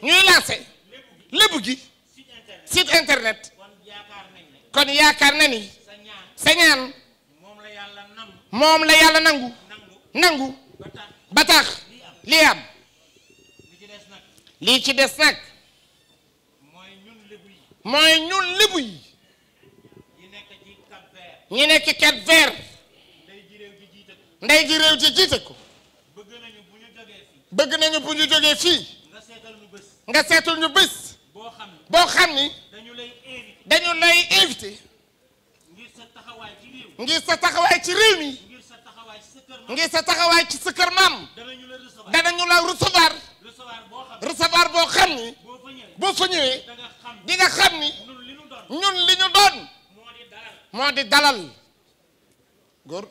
ñuy lancé lébu gi site internet kon yaakaar na ni sa ñaan moom la yàlla nangu nangu ba tax lii am lii ci des nag mooy ñun lébu yi ñi nekk ci Cap Vert ndey ji réew ji jiite ko bëgg nañu bu ñu jógee fii nga seetal ñu bés. boo xam ni boo xam ni dañu lay invité dañu lay invité ngir sa taxawaay ci réew mi ngir sa taxawaay ci réew mi ngir sa taxawaay ci sa kër maam sa taxawaay ci sa kër maam danañu la recevoir danañu la recevoir recevoir boo xam recevoir ni boo fa ñëwee boo xam ni ñun li ñu doon ñun li ñu doon moo di dalal moo di dalal góor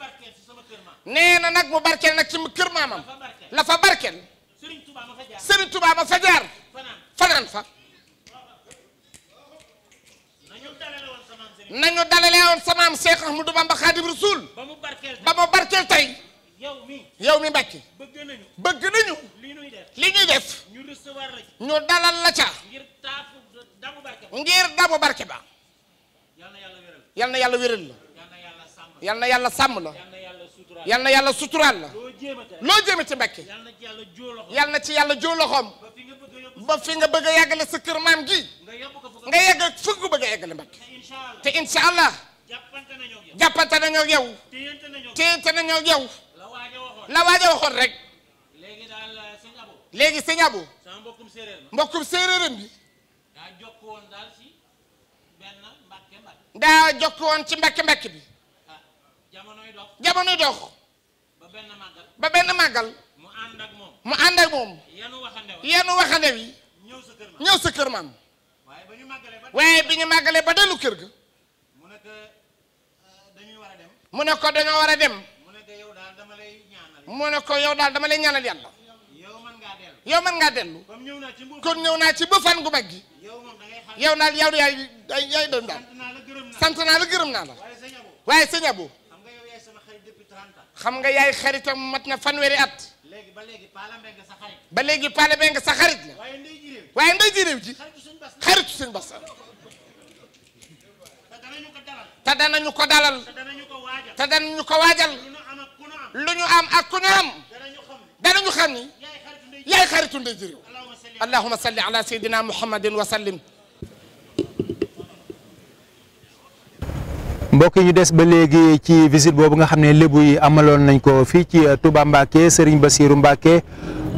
nee na nag mu barkeel nag ci kër maamam la fa barkeel Serigne Touba ma fa jaar Serigne fanaan fa nañu dalalee woon samaam Cheikh Ahmadou Bamba Khadim Rasoul ba mu barkeel ba mu barkeel tey yow mi yow mi Mbàkke bëgg nañu bëgg nañu li ñuy def li def ñu recevoir la dalal la ca ngir taafu damu barke ba ba yal na yàlla wéral yàlla wéral la yal na yàlla sàmm la yal na yàlla suturaal la loo jéema ci Mbàkke yal na ci yàlla joo loxoom ba fi nga bëgg a yàggale sa kër maam gi nga yegg fëggu bëgg a yàggale Mbàkke te incha allah jàppante nañoo yow téyante nañoo yow la waaj a waxoon rek léegi euh, sëñ Abo mbokkum séeréeram bi daa jokk woon ci mbakki mbàkke bi jamono dox ba benn màggal mu ànd ak moom mu ànd ak moom yenu waxande wi ñëw sa kër maam waaye bi ñu màggalee ba dellu kër ga euh, mu ne ko dañoo war a dem mu ne ko yow daal dama lay ñaanal yàlla yow mën ngaa dellu kon ñëw naa ci ba fan gu mag gi yow daal yow yaay yaay doon daal sant naa la gërëm naa la waaye sëñ Abo xam nga yaay xaritam mat na fanweeri at. léegi ba léegi Palla Mbengue sa xarit. ba léegi Palla Mbengue sa xarit la. waaye ndey jiréew. waaye ndey jiréew ji. xaritu suñ bas la. te danañu ko dalal. te danañu ko dalal. te danañu ko waajal. te danañu ko waajal. lu ñu am ak ku ñu am. danañu xam ni. yaay xaritu ndey jiréew. allahumma salli ala sayyidina muhammadin wa sallim. mbokk yi ñu des ba léegi ci visite boobu nga xam ne lébu yi amaloon nañ ko fii ci euh, Touba Mbacke Serigne Bassirou Mbacke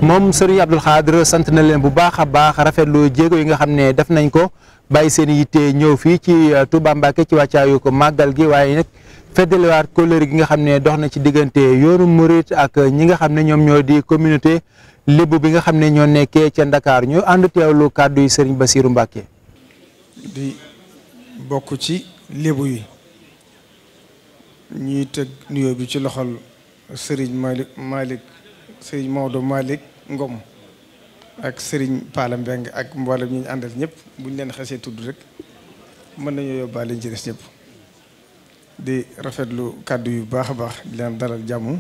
moom Serigne Abdoul Khadre sant na leen bu baax a baax rafetlu jéego yi nga xam ne def nañ ko bàyyi seen yitte ñëw fii ci euh, Touba Mbacke ci wàccaayu ko màggal gi waaye nag feddaliwaat kóllëre gi nga xam ne dox na ci diggante yoonu Mouride ak ñi nga xam ne ñoom ñoo di communauté lébu bi nga xam ne ñoo nekkee ca Ndakaar ñu ànd teewlu kàddu yi Serigne Bassirou Mbacke. bokk ci lébu yi. ñuy teg nuyoo bi ci loxol sëriñ Malick malik sëriñ Maodo malik Ngom ak sëriñ Pala Mbeng ak mboolem ñu ñu àndal ñëpp bu ñu leen xasee tudd rek mën nañoo yóbbaale ci des ñëpp. di rafetlu kàddu yu baax a baax di leen dalal jàmm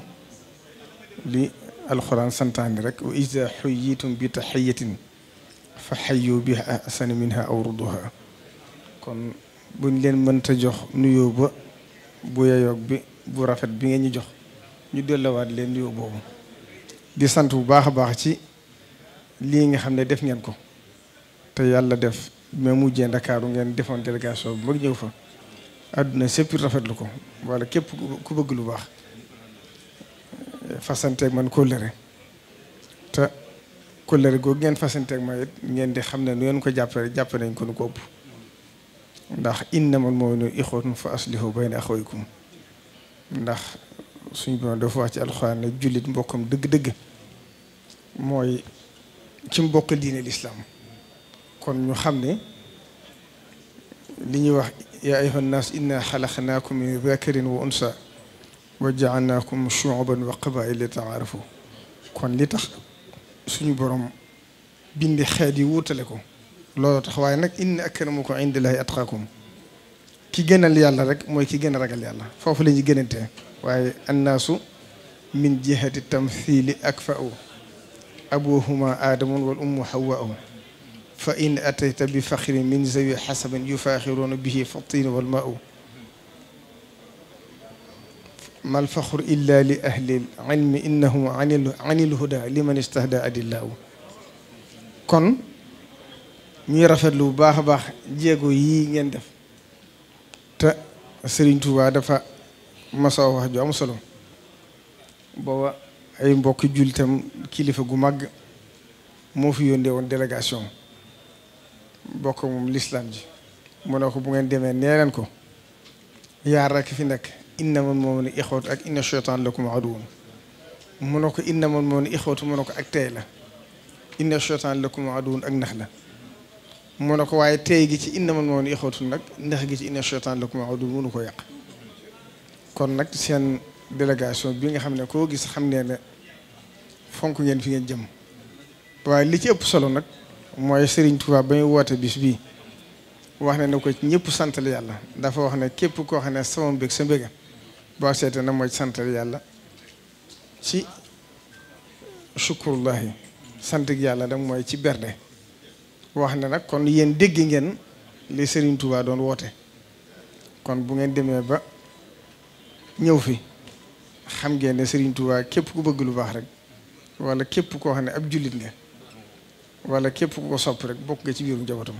li alxuraan santaani rek wa iza xuyyitum bi taxiyatin fa xayyu biha ahsana minha aw rudduha kon buñ leen mënta jox nuyoo ba bu yeyoog bi bu rafet bi ngeen ñu jox ñu dellowaat leen nuyoo boobu di sant bu baax a baax ci lii nga xam ne def ngeen ko te yàlla def mais mujjee ndakaaru ngeen defoon délégation bu mag ñëw fa àdduna sëppi rafet lu ko walla képp ku bëgg lu baax fasanteeg man kóllëre te kóllëre googu ngeen fasanteeg ma it ngeen di xam ne nu ngeen ko jàppale jàpp nañ ko nu ko ëpp ndax innamal mu'minuuna ixwatun fa aslihu bayna axawaykum ndax suñu borom dafa wax ci alxuraan ne jullit mbokkam dëgg-dëgg mooy ci mbokk diine lislaam kon ñu xam ni li ñuy wax yaa ayyuha nnaas inna xalaqnaakum min dakarin wa unsa wa jaalnaakum shuuban wa qabaa'ila kon li tax suñu borom bindi xeet yi wutale ko looloo tax waaye nag inna akramakum indallahi atqaakum ki gënal yàlla rek mooy ki gën a foofu la ñuy gënantee waaye annaasu min jihati tamthili akfa'u abuhuma aadamun wal ummu hawwa'u fa in atayta bi faxrin min zawi xasabin yufaaxiruuna bihi fa tiin wal maa'u mal faxru illa li ahlil ilmi innahum anil anil huda liman istahda adillahu kon ñuy rafetlu bu baax a baax jéego yii ngeen def te Serigne Touba dafa masoo wax ju am solo booba ay mbokk jullitam kilifa gu mag moo fi yónnee woon délégation bokk moom lislaam ji mu ne ko bu ngeen demee nee leen ko yaar rekk fi nekk innamal mu'minuuna ixwatu ak inna sheytaan lakum aduwwun mu ne ko innamal mu'minuuna ixwatu mu ne ko ak tey la inna sheytaan lakum aduwwun ak nax la mu ne ko waaye tey gi ci innamal moom ixwatun nag ndax gi ci inna cheytaan lakum du mënu ko yàq kon nag seen délégation bii nga xam ne koo gis xam ne ne fonk ngeen fi ngeen jëm waaye li ci ëpp solo nag mooy Serigne Touba ba ñu woote bis bii wax ne na ko ci ñëpp santal yàlla dafa wax ne képp koo xam ne sama mbég sa mbéga boo seete na mooy santal yàlla ci shukurullahi sant yàlla da mooy ci berde wax ne nag kon yéen dégg ngeen li Serigne Touba doon woote kon bu ngeen demee ba ñëw fi xam ngeen ne Serigne Touba képp ku bëgg lu baax rek wala képp koo xam ne ab jullit nga wala képp ku ko sopp rek bokk nga ci biirum njabootam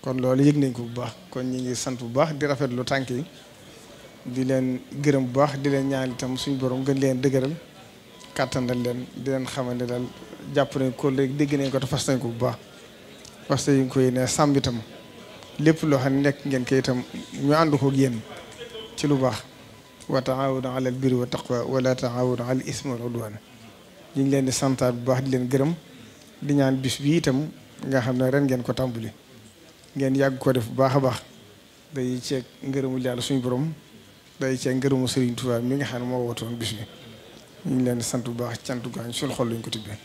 kon loolu yëg nañ ko bu baax kon ñu ngi sant bu baax di rafet lu tànk yi di leen gërëm bu baax di leen ñaan itam suñu borom gën leen dëgëral kàttanal leen di leen xamal ne daal jàpp nañ ko léegi dégg nañ ko te fas nañ bu baax. parce que ñu koy ne sàmm itam lépp loo xam ne nekk ngeen koy itam ñu ànd ko yéen ci lu baax wa taawunu alal birri wa taqwa wala taawunu alal ismi wal udwan ñu ngi leen di santaat bu baax di leen gërëm di ñaan bis itam nga xam ne ren ngeen ko tàmbali ngeen yàgg ko def bu baax a baax day ceeg ngërëmul yàlla suñu borom day ceeg ngërëmu Sëriñ Tuubaa mi nga xam ne moo wootoon bis bi ñu leen sant bu baax cant gaañ suñu lañ ko tibbee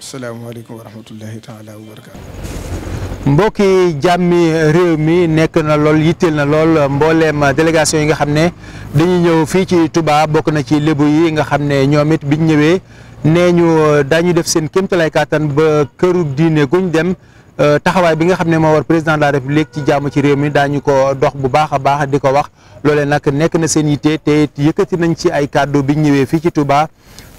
asalaamaaleykum wa rahmatullahi taala wa barakaatu mbokki jàmmi réew mi nekk na lool yitteel na lool mbooleem délégation yi nga xam ne dañuy ñëw fii ci tubaab bokk na ci léebu yi nga xam ne ñoom it biñ ñëwee nee ñu daañu def seen kéemtalaay kàttan ba kër diine guñ dem Euh, taxawaay bi nga xam ne moo war président de la république ci jàmm ci réew mi daañu ko dox bu baax a baax di ko wax loole nag nekk na seen yitte te yëkkati nañ ci ay kàddu bi ñëwee fii ci Touba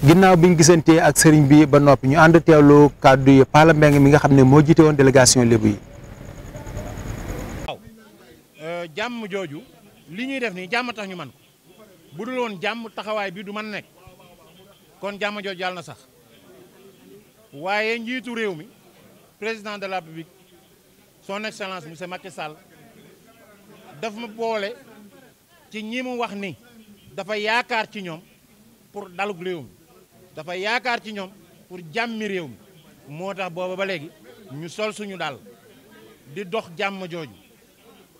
ginnaaw bi ñu gisantee ak sëriñ bi ba noppi ñu ànd teewlu kàddu yi Pala mi nga xam ne moo jiite woon délégation lébu yi. Euh, jàmm jooju li ñuy def nii jàmm tax ñu man bu dul woon jàmm taxawaay bi du man nekk kon jàmm jooju yàlla na sax waaye njiitu réew mi. président de la République son excellence monsieur Macky Sall daf ma boole ci ñi mu wax ni dafa yaakaar ci ñoom pour dalug réew mi dafa yaakaar ci ñoom pour jàmmi réew moo tax booba ba léegi ñu sol suñu daal di dox jàmm jooju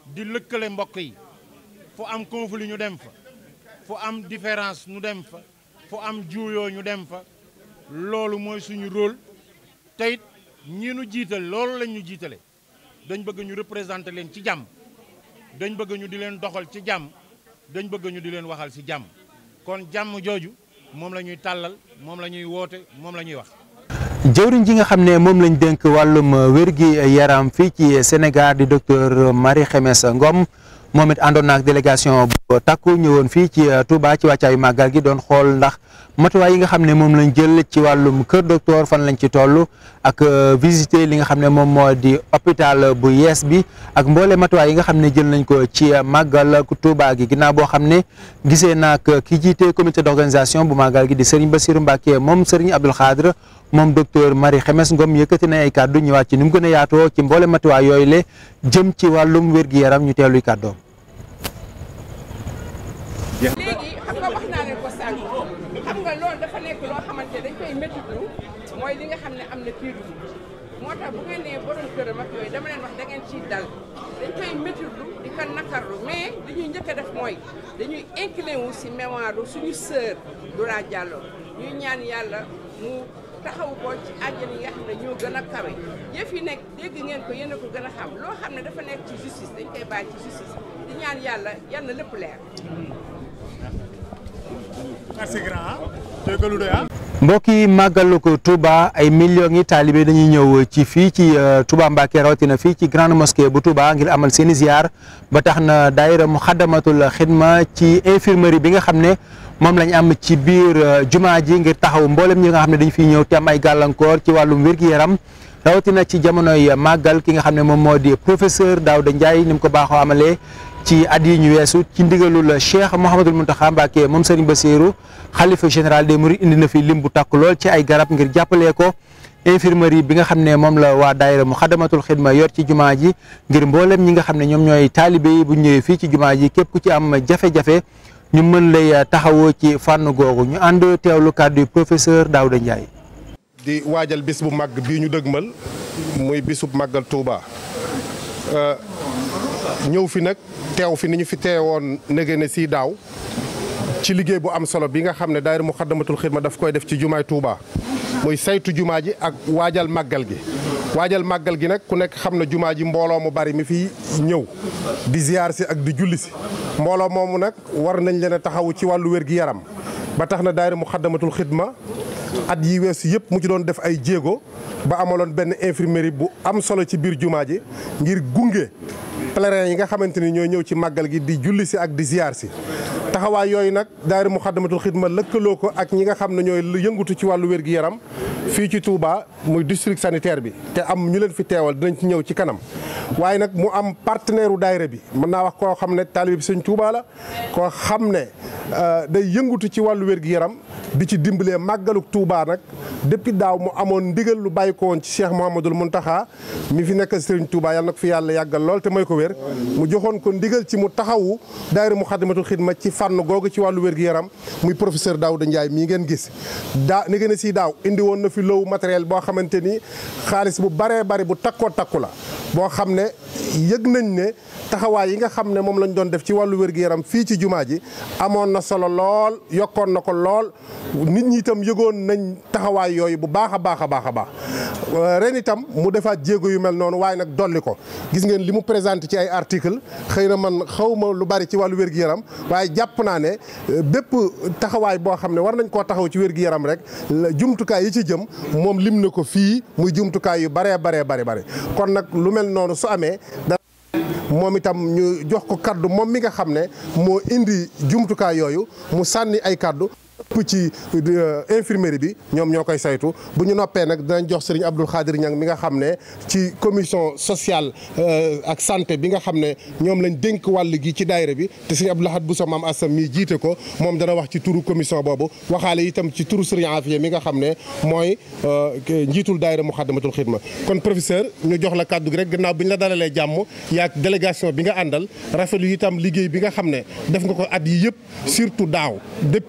di lëkkale mbokk yi fu am conflit ñu dem fa fu am différence ñu dem fa fu am juuyoo ñu dem fa loolu mooy suñu rol teyit ñii nu jiital loolu lañ ñu jiitale dañ bëgg ñu représenter leen ci jàmm dañ bëgg ñu di leen doxal ci jàmm dañ bëgg ñu di leen waxal ci jàmm kon jàmm jooju moom la ñuy tàllal moom la ñuy woote moom la ñuy wax. jëwriñ ji nga xam ne moom lañ dénk wàllum wér gi yaram fii ci Sénégal di docteur Marie Khemesse Ngom. moom it àndoon na ak délégation bu takku ñëwoon fii ci euh, Touba ci wàccaayu màggal gi doon xool ndax matuwaay yi nga xam ne moom lañ jël ci wàllum kër docteur fan lañ ci toll ak euh, visiter li nga xam ne moom moo di hôpital bu yees bi ak mboole matuwaay yi nga xam ne jël nañ ko ci euh, màggal Touba gi ginnaaw boo xam ne gisee naag ki jiite comité d'organisation bu màggal gi di Serigne Bassirou Mbacké moom Serigne Abdoul Khadre moom docteur Marie Xemes Ngom yëkkati na ay kàddu ñëwaat ci ni mu gën a yaatoo ci mboole matuwaay yooyu le jëm ci wàllum wér-gi-yaram ñu teeluy kàddoom mooy li nga xam ne am na piiru moo tax bu ngeen nee borom këram ak yooyu dama leen wax da ngeen dal dañ koy métitlu di ko nakarlu mais li njëkk def mooy dañuy incliné wu si mémoire suñu sœur Dora Diallo ñuy ñaan yàlla mu taxawu ko ci àjjana yi nga ñoo gën a kawe yëf yi nekk dégg ngeen ko yéen ko gën a xam loo xam ne dafa nekk ci justice dañ koy bàyyi ci justice di ñaan yàlla yal lépp leer. merci ah. màggalu ko Touba ay millions yi taalibe dañuy ñëw euh, ci fii ci euh, Touba Mbacké rawatina fii ci grande mosquée bu tubaa ngir amal seeni ziar ba tax na daayira Muxaddamatul Xidma ci infirmerie bi nga xam ne. moom lañ am ci biir euh, jumaa ji ngir taxaw mboolem ñi nga xam ne dañu fi ñëw te am ay gàllankoor ci wàllum wér-gu-yaram rawatina ci jamonoy màggal ki nga xam ne moom moo di professeur Daouda Ndiaye ni mu ko baaxoo amalee ci at yi ñu weesu ci ndigalul Cheikh Mouhamadul Mountakha Mbacké moom Serigne Bassirou xalifa général des Mourides indi na fi lim bu tàkk lool ci ay garab ngir jàppale ko infirmerie bi nga xam ne moom la waa daayira mu xadamatul xidma yor ci jumaa ji ngir mboolem ñi nga xam ne ñoom ñooy taalibe yi bu ñëwee fii ci jumaa ji képp ku ci am jafe-jafe ñu mën lay euh, taxawoo ci fànn googu ñu ànd teewlu kàddu professeur de Ndiaye. di waajal bis bu mag bii ñu dëgmal muy bisub màggal Touba euh, ñëw fi nag teew fi ni ñu fi teewoon nege ne si daaw ci liggéey bu am solo bi nga xam ne daayira Muxaddamatul Xidma daf koy def ci jumaay Touba muy saytu jumaa ji ak waajal màggal gi. waajal màggal gi nag ku nekk xam na jumaa ji mbooloo mu bari mi fi ñëw di ziar si ak di julli si mbooloo moomu nag war nañ leen a taxawu ci wàllu wér gi yaram ba tax na mu Muxaddamatul Xidma at yi weesu yëpp mu ci doon def ay jéego ba amaloon benn infirmerie bu am solo ci biir jumaa ji ngir gunge pèlerin yi nga xamante ni ñoo ñëw ci màggal gi di julli si ak di ziar si taxawaay yooyu nag daayira Muxaddamatul Xidma lëkkaloo ko ak ñi nga xam ne ñooy yëngutu ci wàllu wér-gi-yaram fii ci Touba muy district sanitaire bi te am ñu leen fi teewal dinañ ci ñëw ci kanam waaye nag mu am partenaire u daayira bi mën naa wax koo xam ne taalibe bi sëñ Touba la koo xam ne euh, day yëngutu ci wàllu wér-gi-yaram di ci dimbalee màggaluk Touba nag depuis daaw mu amoon ndigal lu bàyyi ko woon ci Cheikh mun taxaa mi fi nekk Serigne Touba yàlla na ko fi yàlla yàggal lool te may ko wér mu joxoon ko ndigal ci mu taxawu daayira Muxaddamatul Xidma ci fànn googu ci wàllu wér-gu-yaram muy professeur Daouda Ndiaye mii ngeen gis daa ni ngeen si daaw indi woon na fi lowu matériel boo xamante ni xaalis bu baree bari bu takkoo takku la boo xam ne yëg nañ ne taxawaay yi nga xam ne moom lañ doon def ci wàllu wér-gu-yaram fii ci jumaa ji amoon na solo lool yokkoon na ko lool nit ñi itam yëgoon nañ taxawaay yooyu bu baax a baax a baax a baax euh, ren itam mu defaat jéego yu mel noonu waaye nag dolli ko gis ngeen li mu présenté ci ay article xëy na man xaw lu bari ci wàllu wér yaram jàpp naa ne euh, bépp taxawaay boo xam ne war nañ koo taxaw ci wér-gi-yaram rek jumtukaay yi ci jëm moom lim na ko fii muy jumtukaay yu baree baree bari bari kon nag lu mel noonu su amee moom itam ñu jox ko kàddu moom mi nga xam ne moo indi jumtukaay yooyu mu sànni ay kaddu ëpp ci euh, infirmerie bi ñoom ñoo koy saytu bu ñu noppee nag dinañ jox sëriñ Abdul Xaadir Ñang mi nga xam ne ci commission sociale euh, ak santé bi nga xam ne ñoom lañ dénk wàll gi ci daayira bi te sëriñ Abdul bu Bousso maam Assam mii jiite ko moom dana wax ci turu commission boobu waxaale itam ci turu sëriñ Afiya mi nga xam ne mooy euh, njiitul daayira Muxaddamatul Xidma kon professeur ñu jox la kàddu gi rek gannaaw bi ñu la dalalee jàmm yaak délégation bi nga àndal rafetlu itam liggéey bi nga xam ne def nga ko at yi yëpp surtout daaw bi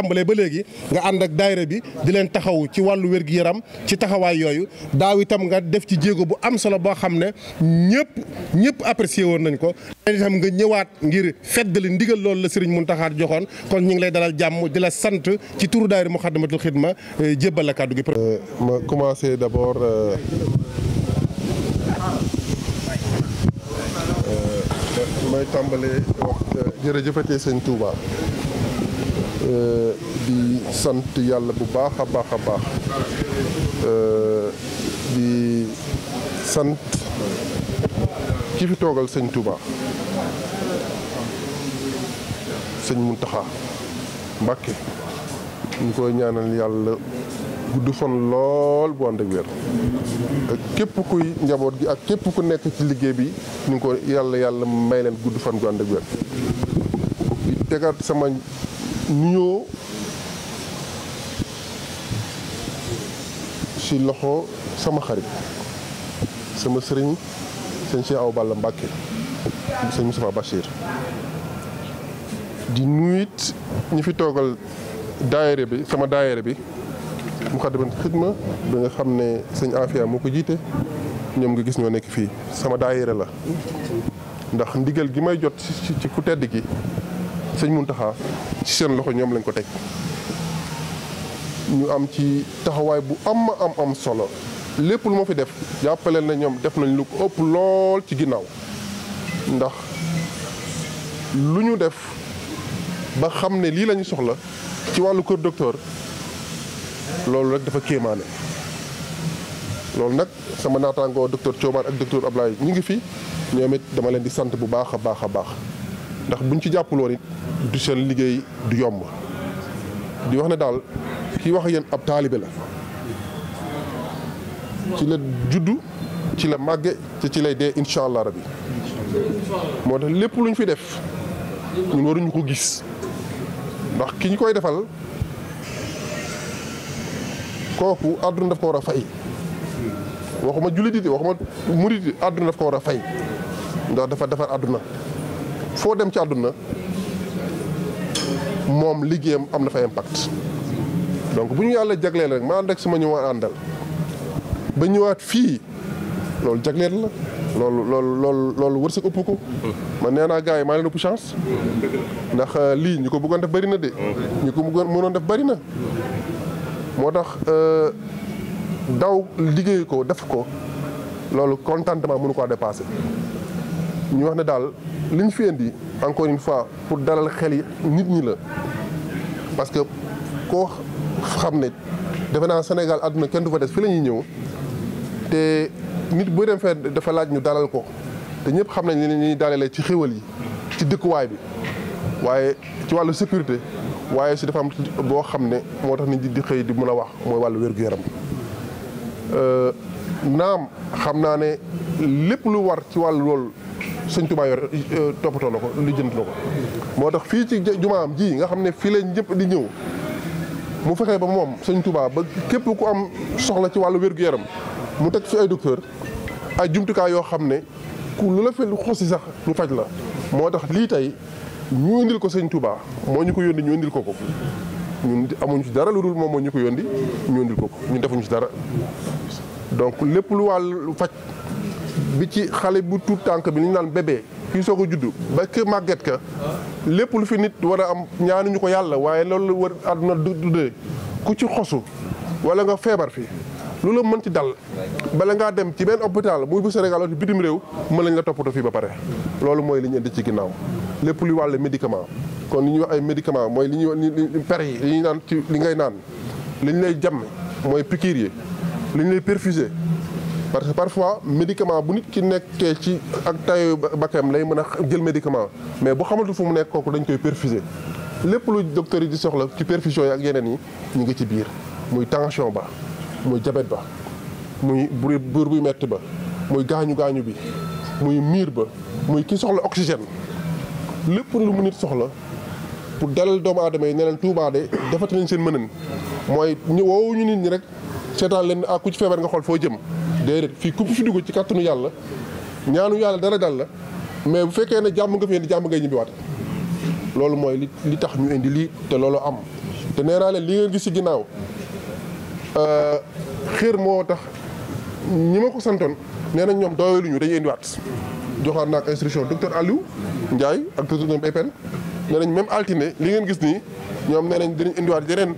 tàmbalee ba léegi nga ànd ak daayira bi di leen taxaw ci wàllu wérgi yaram ci taxawaay yooyu daaw itam nga def ci jéego bu am solo boo xam ne ñëpp ñëpp apprécié woon nañ ko len itam nga ñëwaat ngir li ndigal loolu la sëriñ mun Mountakha joxoon kon ñu ngi lay dalal jàmm di la sant ci turu daayira Moukhaddamatoul Khidma eh, jébbal la kàddu gi euh, ma commencer d'abord euh, euh, may tàmbalee wax jërëjëfatee sëñ Touba Euh, di sant yàlla bu baax a baax a baax euh, di sant ki fi toogal sëñ Touba sëñ Mountakha Mbacké ñu koy ñaanal yàlla gudd fan lool bu ànd ak wér képp kuy njaboot gi ak képp ku nekk ci liggéey bi ñu ko yàlla yàlla may leen gudd fan bu ak wér di tegaat sama nuyoo ci loxo sama xarit sama sëriñ sëñ Cheikh Awa Balla Mbacke sëñ Moustapha Bachir di nuyit ñi fi toogal daayere bi sama daayere bi Moukhaddamatoul Khidma bi nga xam ne sëñ Afia moo ko jiite ñoom nga gis ñoo nekk fii sama daayere la ndax ndigal gi may jot ci ku tedd gi sëñ taxa ci seen loxo ñoom lañ ko teg ñu am ci taxawaay bu am am am solo lépp lu ma fi def jàppale na ñoom def nañ lu ko ëpp lool ci ginnaaw ndax lu ñu def ba xam ne lii la soxla ci wàllu kër docteur loolu rek dafa kéemaane loolu nag sama naataangoo docteur Thioban ak docteur Ablaye ñu ngi fi ñoom it dama leen di sant bu baax a baax a baax ndax buñ ci jàppul woon du seen liggéey du yomb di wax ne daal kii wax yéen ab taalibe la ci la juddu ci la màgge te ci lay dee incha allah rabi moo tax lépp lu ñu fi def ñun waruñu ko gis ndax ki ñu koy defal kooku àdduna daf ko war a fay waxuma jullit yi waxuma murit yi àdduna daf ko war a fay ndax dafa defar àdduna foo dem ci àdduna moom liggéeyam am na fa impact donc bu ñu yàlla jagleel rek ma ànd ak sama ñu war àndal ba ñëwaat fii loolu jagleel la loolu loolu loolu loolu wërsëg ëpp ko. man nee naa gars yi maa leen ëpp chance. ndax euh, lii ñu ko bëggoon def bari na de. ñu ko bëggoon mënoon def bari na. moo tax euh, daw liggéey ko def ko loolu contentement mënu ko dépasser. ñu wax ne daal li ñu di indi encore une fois pour dalal xel yi nit ñi la parce que koo xam ne defe naa Sénégal àdduna kenn du fa des fi la ñëw te nit boo dem fee dafa laaj ñu dalal ko te ñëpp xam nañ ne ñuy dalalee ci xéwal yi ci dëkkuwaay bi waaye ci wàllu sécurité waaye si dafa am boo xam ne moo tax nit ñi di xëy di mën a wax mooy wàllu wér yaram euh, naam xam naa ne lépp lu war ci wàllu loolu sëñ Tuubaa yor euh, toppatoo na ko lijjanti na ko moo tax fii ci jumaam ji nga xam ne fii la ñëpp di ñëw mu fexe ba moom sëñ tubaa ba képp ku am soxla ci wàllu wér-gu-yaram mu teg fi ay docteur ay jumtukaay yoo xam ne ku lu la fel xosi sax ñu faj la moo tax lii tey ñu indil ko sëñ tubaa moo ñu ko yónni ñu indil ko ko ñun ci dara lu moom moo ñu ko yónni ñu ko ko ñun defuñu si dara donc lépp lu wàllu faj bi ci xale bu tuut tànk bi li ñu naan bébé kii soo ko juddu ba kër màgget ka lépp lu fi nit war a am ñaanuñu ko yàlla waaye loolu war àdduna dudde ku ci xosu wala nga feebar fi lu la mën ci dal bala ngaa dem ci benn hôpital muy bu Sénégal ci bitim réew mën nañ la toppatoo fii ba pare loolu mooy li ñu indi ci ginnaaw lépp luy wàlle médicament kon li ñuy wax ay médicament mooy li ñuy per yi li ñuy naan ci li ngay naan li ñu lay jàmm mooy piqûre yi li lay perfuser parce que parfois médicament bu nit ki nekkee ci ak tayo bakkam lay mën a jël médicament mais bu xamatu fu mu nekk kooku dañ koy perfuser lépp lu docteur yi di soxla ci perfusion yi ak yeneen yi ñu ngi ci biir muy tension ba muy jabet ba muy buur buur buy metti ba muy gaañu gaañu bi muy miir ba muy ki soxla oxygène lépp lu mu nit soxla pour dalal doomu aadama yi ne leen Tuubaa de defat nañ seen mënën mooy ñu woowu ñu nit ñi rek seetaan leen ah ku ci feebar nga xool foo jëm déedéet fii ku fi dugg ci kattanu yàlla ñaanu yàlla dara dal la mais bu fekkee ne jàmm nga fi indi jàmm ngay ñibbiwaat loolu mooy li li tax ñu indi lii te loolu am te nee naa leen li ngeen gis ci ginnaaw euh, moo tax ñi ma ko santoon nee nañ ñoom doyaluñu dañuy indiwaat joxaat naa ak instruction docteur Aliou Ndiaye ak docteur Epen nee nañ même altine li ngeen gis nii ñoom nee nañ dinañ indiwaat yeneen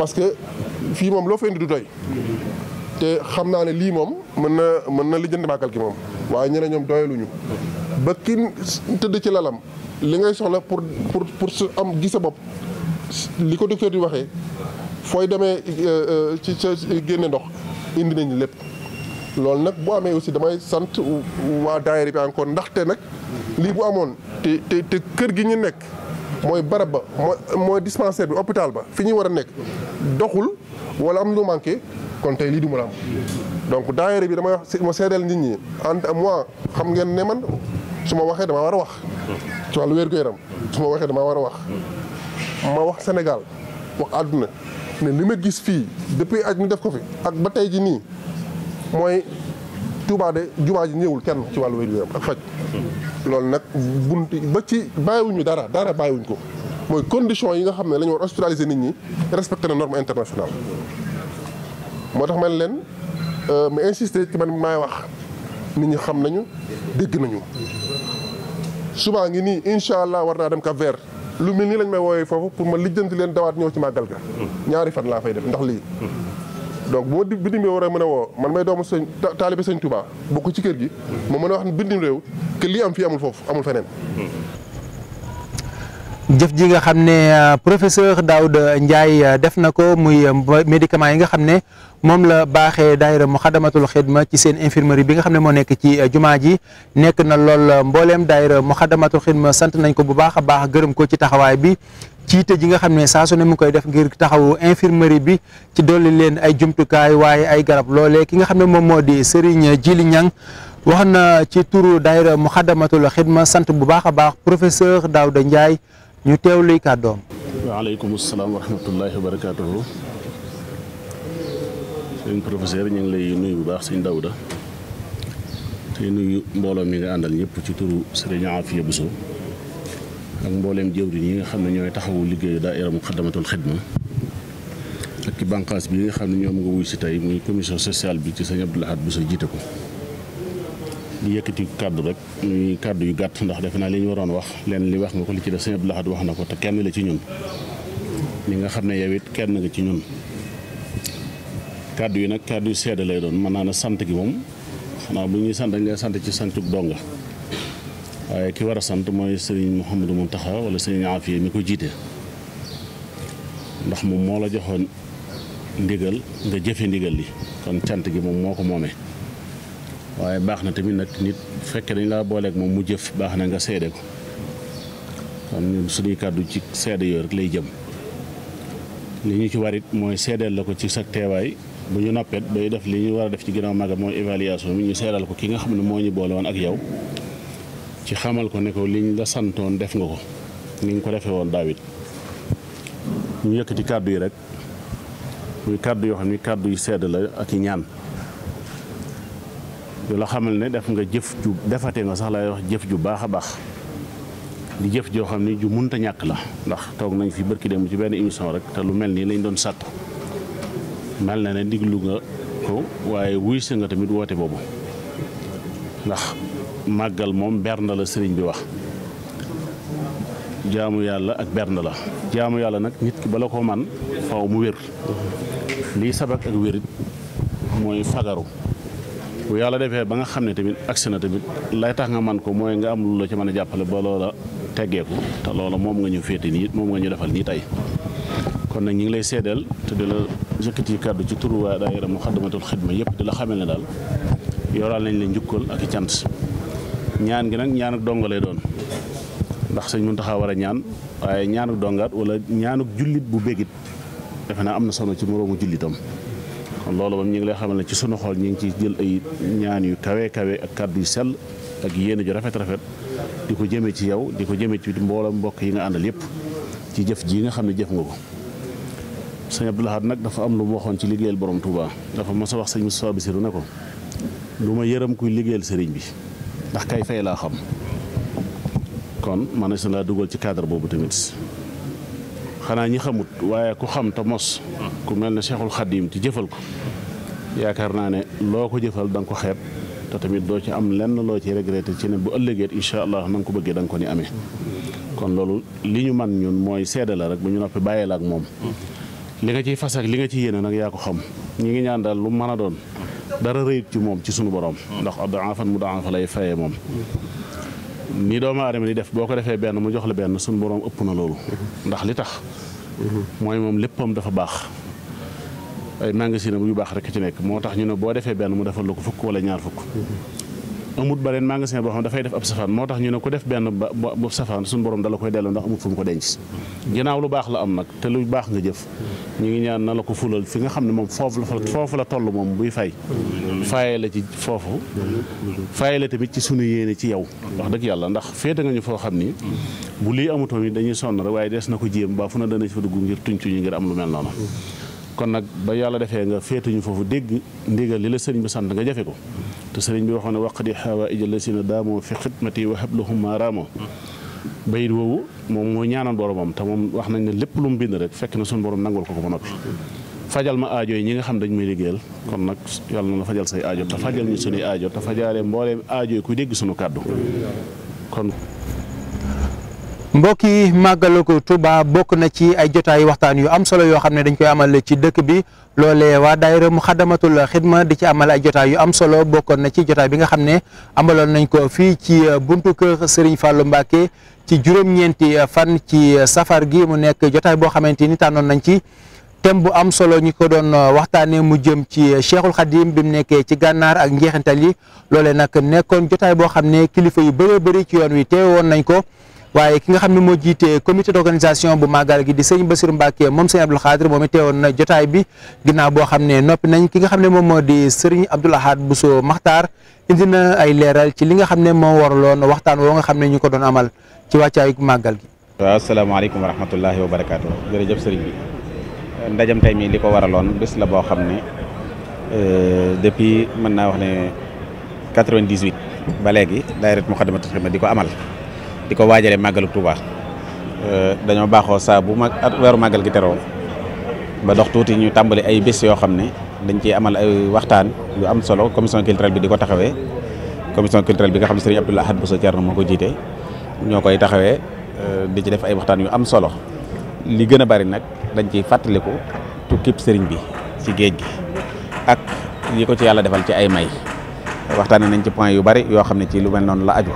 parce que fii moom loo fa indi du doy te xam naa ne lii moom mën na mën na lijjanti màggal gi moom waaye ñeneen ñoom doyaluñu ba ki tëdd ci lalam li ngay soxla pour pour pour su am gis bopp li ko kër di waxee fooy demee euh, euh, ci sa génne ndox indi nañu lépp loolu nag boo amee aussi damay sant waa daayira bi encore ndaxte nag lii bu amoon te te kër gi ñu nekk mooy barab ba mooy dispensaire bi hôpital ba fi ñuy war a nekk doxul walla am lu manqué kon tey lii du mu la am donc daayira bi damay wax ma seedeel nit ñi en moi xam ngeen ne man su ma waxee damaa war a wax ci wàllu wér gu yaram su ma waxee damaa war a wax ma wax Sénégal wax àdduna ne li ma gis fii depuis aj ñu def ko fi ak ba tey ji nii mooy Touba de jumaa ji ñëwul kenn ci wàllu wér gu ak faj loolu nag bunt ba ci bàyyiwuñu dara dara bàyyiwuñ ko mooy condition yi nga xam ne la ñu war hospitaliser nit ñi respecté na norme internationale moo tax man leen euh, ma insister ci man maay wax nit ñi xam nañu dégg nañu subaa ngi nii incha allah war naa dem Cap Vert lu mel nii lañ may woowee foofu pour ma lijjanti leen dawaat ñëw ci màggal ga ñaari fan laa fay def ndax lii donc bu ma bitim réew war a mën woo man may doomu sëñ taalibe sëñ Touba bokk ci kër gi moo mën a wax ne bitim réew que am fii amul foofu amul feneen. jëf ji nga xam ne euh, professeur Daouda Ndiaye euh, def na ko muy euh, médicament yi nga xam ne moom la baaxee daayira mu xadamatul xidma ci seen infirmerie bi nga xam ne moo nekk ci jumaa ji nekk na lool mbooleem daayira mu xadamatul xidma sant nañ ko bu baax a baax gërëm ko ci taxawaay bi jiite ji nga xam ne saa su ne mu koy def ngir taxawu infirmerie bi ci dolli leen ay jumtukaay waaye ay garab loolee ki nga xam ne moom moo di Serigne Djili Niang wax na ci turu daayira Muxaddamatul Xidma sant bu baax a baax professeur Daouda njaay ñu teew teewluy kàddoom. waaleykum salaam wa rahmatullahi wa barakaatuhu. sëñ professeur ñu ngi lay nuyu bu baax sëñ Daouda. te nuyu mbooloo mi nga àndal ñëpp ci turu Serigne Afia Bousso ak mbooleem jëwriñ yi nga xam ne ñooy taxawu liggéeyu daayira Muxaddamatul Xidma ak ci banqaas bi nga xam ne ñoom nga wuy si tey muy commission sociale bi ci sa sëñ Abdou Lahad sa jiite ko di yëkkati kàddu rek muy kàddu yu gàtt ndax defe naa li ñu waroon wax leen li wax nga ko li ci def sëñ Abdou Lahad wax na ko te kenn la ci ñun li nga xam ne yow it kenn nga ci ñun kàddu yi nag kàddu yu seede lay doon mën naa ne sant gi moom xanaa bu ñuy sant nga sant ci santuk donga waaye ki war a sant mooy xam sëriñ Mouhamadou Mountakha wala sëriñ Afia mi ko jiite ndax moom moo la joxoon ndigal nga jëfe ndigal li kon cant gi moom moo ko moomee waaye baax na tamit nag nit fekke dañ laa booleek moom mu jëf baax na nga seede ko kon ñun suñuy kàddu ci seede yooyu rek lay jëm li ñu ci warit mooy seedeel la ko ci sa teewaay bu ñu noppet bay def li ñu war a def ci ginnaaw maga mooy évaluation bi ñu seedal ko ki nga xam ne moo ñu boole ak yow ci xamal ko ne ko liñ la santoon def nga ko ni nga ko defee woon daawit ñu yëkkati kàddu yi rek muy kàddu yoo xam ni kàddu yu sedd la ak i ñaan yu la xamal ne def nga jëf ju defate nga sax lay wax jëf ju baax a baax di jëf joo xam ni ju munta ñàkk la ndax toog nañ fi bërki dem ci benn émission rek te lu mel nii lañ doon sàkku mel na ne diglu nga ko waaye wuy sa nga tamit woote boobu ndax màggal moom bernde la sëriñ bi wax jaamu yàlla ak bernde la jaamu yàlla nag nit ki la ko man faw mu wér lii sabak ak wérit mooy fagaru bu yàlla defee ba nga xam ne tamit agsi na tamit lay tax nga man ko mooy nga am lu la ci mën a jàppale ba loola teggeeku te loola moom nga ñu féete nii moom nga ñu defal nii tey kon nag ñu ngi lay seedeel te di la yëkkati kàddu ci turu waa mu Muxaddamatul Xidma yëpp di la xamel ne daal yoral nañ la njukkal ak cant ñaan gi nag ñaanuk donga lay doon ndax sañ sëñ Muntaxa war a ñaan waaye ñaanuk dongaat wala ñaanuk jullit bu bégit defe naa am na solo ci moroomu jullitam kon loolu moom ñu ngi lay xamal ne ci sunu xool ñu ngi ci jël ay ñaan yu kawe kawe ak kàddu yu sell ak yéen ju rafet rafet di ko jëmee ci yow di ko jëmee ci mbooloo mbokk yi nga àndal yëpp ci jëf ji nga xam ne jëf nga ko sëñ Abdou Lahad nag dafa am lu mu waxoon ci liggéeyal borom Touba dafa mos a wax sëñ Moustapha Bassirou ne ko du ma yërëm kuy liggéeyal sëriñ bi ndax kay fay laa xam kon man na laa dugal ci cadre boobu tamit xanaa ñi xamut waaye ku xam te mos ku mel ne Cheikhul Khadim ci jëfal ko yaakaar naa ne loo ko jëfal da ko xeeb te tamit doo ci am lenn loo ci regretté ci ne bu ëllëgeet incha allah nanga ko bëggee da nga ko ni amee kon loolu li ñu man ñun mooy seede la rek bu ñu noppi bàyyee la ak moom li nga ciy fas ak li nga ciy yéene nag yaa ko xam ñi ngi ñaan daal lu mën a doon dara rëyut ci moom ci sunu borom. ndax daafan mu daafa lay faye moom. ni doomu aadama li def boo ko defee benn mu jox la benn sunu boroom ëpp na loolu. ndax li tax. mooy moom léppam dafa baax. ay magasin bu yu baax rek ci nekk moo tax ñu ne boo defee benn mu defal la ko fukk wala ñaar fukk. amut beneen magasin boo xam ne dafay def ab safaan moo tax ñu ne ku def benn ba bu safaan suñu borom dala koy delloo ndax amut fu mu ko denc ginnaaw lu baax la am nag te lu baax nga jëf ñu ngi ñaan na la ko fulal fi nga xam ne moom foofu la foofu la toll moom buy fay fayee la ci foofu faye la tamit ci sunu yéene ci yow wax dëgg yàlla ndax féete nga ñu foo xam ni bu lii amutoon yi dañuy sonn rek waaye des na ko jéem baa fu na dana ci fa dugg ngir tuñ tuñu ngir am lu mel noonu kon nag ba yàlla defee nga féetuñu foofu dégg ndégal li la sëriñ bi sant nga jafe ko te sëriñ bi waxoon ne waqdi xawaaija lasina daamoo fi xidmati wax hablahum ma raamoo bayit woowu moom mooy ñaanal boromam te moom wax nañ ne lépp lu mu bind rek fekk na suñu borom nangul ko ko ba noppi fajal ma ajooy ñi nga xam dañ may liggéeyal kon nag yàlla na la fajal say aajo te fajal ñu suñuy aajo te fajaale mbooleem aajo yi ku dégg suñu kàddu kon mbokk yi màggalu ko Touba bokk na ci ay jotaay waxtaan yu am solo yoo xam ne dañ koy amal ci dëkk bi loole waa daayira mu xadamatul xidma di ci amal ay jotaay yu am solo bokkoon na ci jotaay bi nga xam ne amaloon nañ ko fii ci euh, buntu kër Serigne Fallou Mbacké ci juróom-ñeenti euh, fan ci euh, safar gi mu nekk jotaay boo xamante ni tànnoon nañ ci thème bu am solo ñu ko doon waxtaanee mu jëm ci Cheikhul Khadim bi mu nekkee ci gànnaar ak njeexintal yi loole nag nekkoon jotaay boo xam ne kilifa yu bëree bëri ci yoon wi teewoon nañ ko. waaye ki nga xam ne moo jiitee comité d'organisation bu màggal gi di sëñ Bassirou Mbacke moom sëñ Abdoul Khadr moom it na jotaay bi ginnaaw boo xam ne noppi nañ ki nga xam ne moom moo di sëriñ Abdoul bu Bousso maxtaar indi na ay leeral ci li nga xam ne moo waraloon waxtaan woo nga xam ne ñu ko doon amal ci wàccaayu màggal gi. waaw asalaamaaleykum wa rahmatullahi wa barakaatu jërëjëf sëriñ bi ndajam tey mii li ko waraloon bés la boo xam ne euh, depuis mën naa wax ne 98 ba léegi daayira Moukhaddamatoul ma di ko amal. di ko waajalee màggalu Touba euh, dañoo baaxoo saa bu mag at weeru màggal gi teroo ba dox tuuti ñu tàmbali ay bés yoo xam ne dañ ciy amal ay waxtaan yu am solo commission culturelle bi di ko taxawee commission culturelle bi nga xam ne sëriñ Abdoul Ahad Bousso Thierno moo ko jiite ñoo koy taxawee euh, di ci def ay waxtaan yu am solo li gën a bari nag dañ ciy fàttaliku tukkib sëriñ bi ci géej gi ak yi ko ci yàlla defal ci ay may waxtaanee nañ ci point yu bari yoo xam ne ci lu mel noonu la aju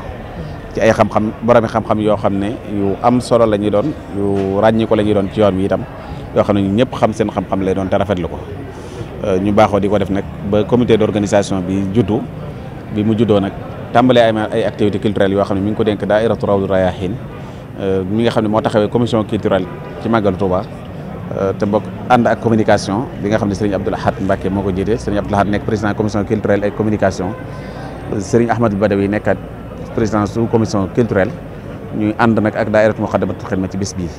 ci ay xam-xam boromi xam-xam yoo xam ne yu am solo la ñuy doon yu ràññi ko la ñuy doon ci yoon wi itam yoo xam ne ñu ñëpp xam seen xam-xam lay doon te rafetlu ko euh, ñu baaxoo di ko def nag ba comité d'organisation bi juddu bi mu juddoo nag tàmbalee ay ay activités culturelles yoo xam ne mi ngi ko dénk daayiratu Rawdu Rayaahiin euh, nga xam ne moo taxawee commission culturelle ci màggalu Touba euh, te mbokk ànd ak communication bi nga xam ne sëriñ Abdoul Ahad Mbacke moo ko jiite sëriñ Abdoul Ahad nekk président commission culturelle et communication sëriñ Ahmadou Badawi nekkat président sous commission culturelle ñuy ànd nag ak daa daayiratu Moukhaddamatoul ma ci bis bii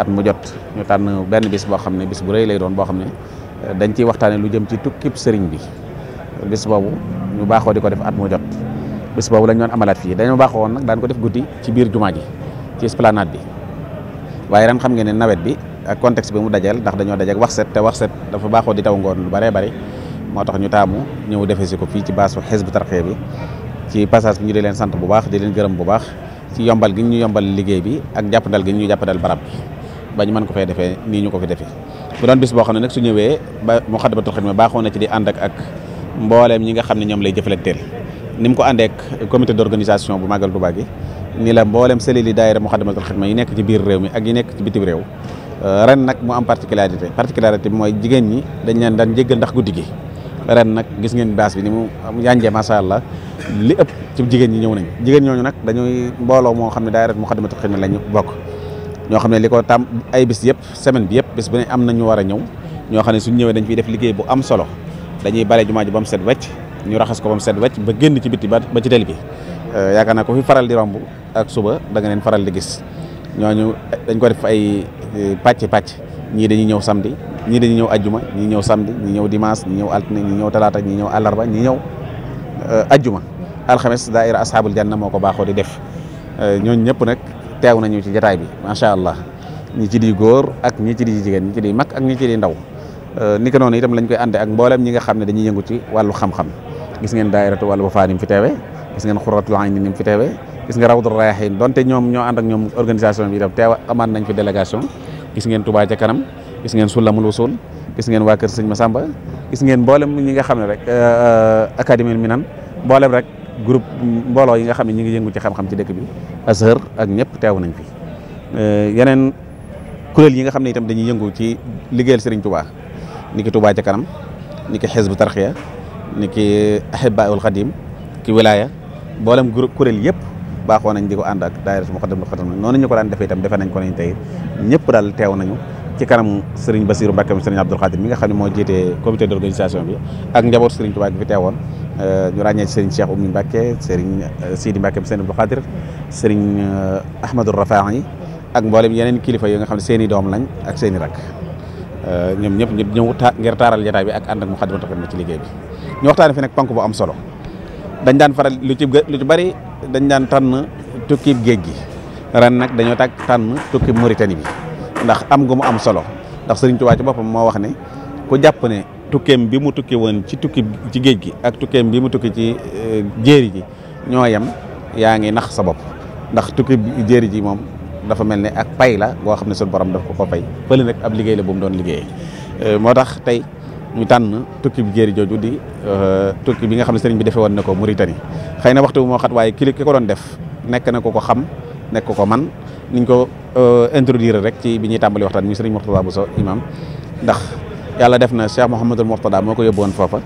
at mu jot ñu tànn benn bis boo xam ne bis bu rëy lay doon boo xam ne eh, dañ ciy waxtaane lu jëm ci tukkib sëriñ bi bis boobu ñu baaxoo di ko def at mu jot bis boobu lañ doon amalaat fii dañoo baaxoo woon nag daan ko def guddi ci biir jumaa ji ci esplanade bi waaye ren xam ngeen ne nawet bi ak contexte bi mu dajal ndax dañoo dajal wax set te wax set dafa baaxoo di taw ngoon lu bëree bëri moo tax ñu taamu ñëw defee ko fii ci baasu Hizbut Tarqiyyah bi ci passage bi ñu di leen sant bu baax di leen gërëm bu baax ci yombal gi ñu yombal liggéey bi ak jàppandal gi ñu jàppandal barab bi ba ñu mën ko fee defee nii ñu ko fi defee bu doon bis boo xam ne nag su ñëwee ba Moukhaddamatoul Khidma baaxoo na ci di ànd ak mbooleem ñi nga xam ne ñoom lay jëfalanteel ni mu ko àndee ak comité d'organisation bu Magal Touba gi ni la mbooleem selil yi daayira Moukhaddamatoul nekk ci biir réew mi ak yi nekk ci bitim réew ren nag mu am particularité particularité bi mooy jigéen ñi dañ leen daan jéggal ndax guddi gi ren nag gis ngeen baas bi ni mu yànjee macha allah li ëpp ci jigéen ñi ñëw nañ jigéen ñooñu nag dañuy mbooloo moo xam ne daayira Muxaddamatul Xidma lañu bokk ñoo xam ne li ko tam ay bis yëpp semaine bi yëpp bis bu ne am na ñu war a ñëw ñoo xam ne suñu ñëwee dañ fiy def liggéey bu am solo dañuy bale jumaa ba mu set wecc ñu raxas ko ba mu set wecc ba génn ci bitti ba ci tali bi euh, yaakaar naa ko fi faral di romb ak suba danga nga leen faral di gis ñooñu dañ ko def ay euh, pàcc pàcc ñii dañuy ñëw samedi ñii dañuy ñëw ajjuma ñii ñëw samedi ñii ñëw dimanche ñii ñëw altine ñii ñëw talaata ñii ñëw àllarba ñii ñëw euh, ajjuma alxames daaira asxaabul janna moo ko baaxoo di def euh, ñooñu ñëpp nag teew nañu ci jataay bi macha allah ñi ci di góor ak ñi ci di jigéen ñi ci di mag ak ñi ci di ndaw euh, ni ko noonu itam lañ koy ànde ak mboolem ñi nga xam ne dañuy yëngu ci wàllu xam-xam gis ngeen daairatu wàllu Wafa ni mu fi teewee gis ngeen xuratul ayn ni mu fi teewee gis nga rawdul rayahin donte ñoom ñoo ànd ak ñoom organisation bi itam teew amaat nañ fi délégation gis ngeen Touba kanam gis ngeen sulamul wasul gis ngeen waa kër ma Masamba gis ngeen mboolem ñi nga xam ne rek euh, euh, académie minan mboolem rek groupe mbooloo yi nga xam ne ñi ngi yëngu ci xam-xam ci dëkk bi Azhar ak ñëpp teew nañ fi euh, yeneen kuréel yi nga xam ne itam dañuy yëngu ci liggéeyal Serigne Touba ni ki Touba ca kanam ni ki xisbu tarxiya ni ki ahibaul xadim ki wilaya mboolem groupe kuréel yëpp baaxoo nañ di ko ànd ak daayira su Muqaddamatul Xidma noonu ñu ko daan defee itam defe nañ ko nañ tey ñëpp daal teew nañu ci kanam Serigne Bassirou Mbacke mi Serigne Abdoul Khadir mi nga xam ne moo jiite comité d' organisation bi ak njaboot Serigne Touba gi fi teewoon euh, ñu ràññee Serigne Cheikh Oumy Mbacke Serigne euh, Sidi Mbacke mi Serigne Abdoul Khadir Serigne euh, Ahmadou Rafahi ak mboolem yeneen kilifa yi nga xam ne seen i doom lañ ak seen i rak ñoom ñëpp ñu ñëw ngir taaral jotaay bi ak ànd ak Moukhaddamatoul Khidma ci liggéey bi ñu waxtaanee fi nag ponk bu am solo dañ daan faral lu ci lu ci bari dañ daan tànn tukki géej gi ren nag dañoo tàgg tànn tukki Mauritanie bi ndax am nga mu am solo ndax Sëriñ Tuubaa ci boppam moo wax ne ku jàpp ne tukkeem bi mu tukki woon ci tukki ci géej gi ak tukkeem bi mu tukki ci euh, jéeri ji ñoo yem yaa ngi nax sa bopp ndax tukki jéeri ji moom dafa mel ne ak pay la boo xam ne suñu borom daf ko ko pay fële nag ab liggéey la bu doon liggéeyee euh, moo tax tey ñu tànn tukki bi jéeri jooju di euh, tukki bi nga xam ne sëriñ bi defee woon na ko Mauritanie xëy na waxtu moo xat waaye ki ko doon def nekk na ko ko xam nekk ko man niñ ko euh, introduire rek ci bi ñuy tàmbali waxtaan muy sëriñ Mourtada soo imam ndax yàlla def na Cheikh Mouhamadul Mourtada moo ko yóbbu woon foofa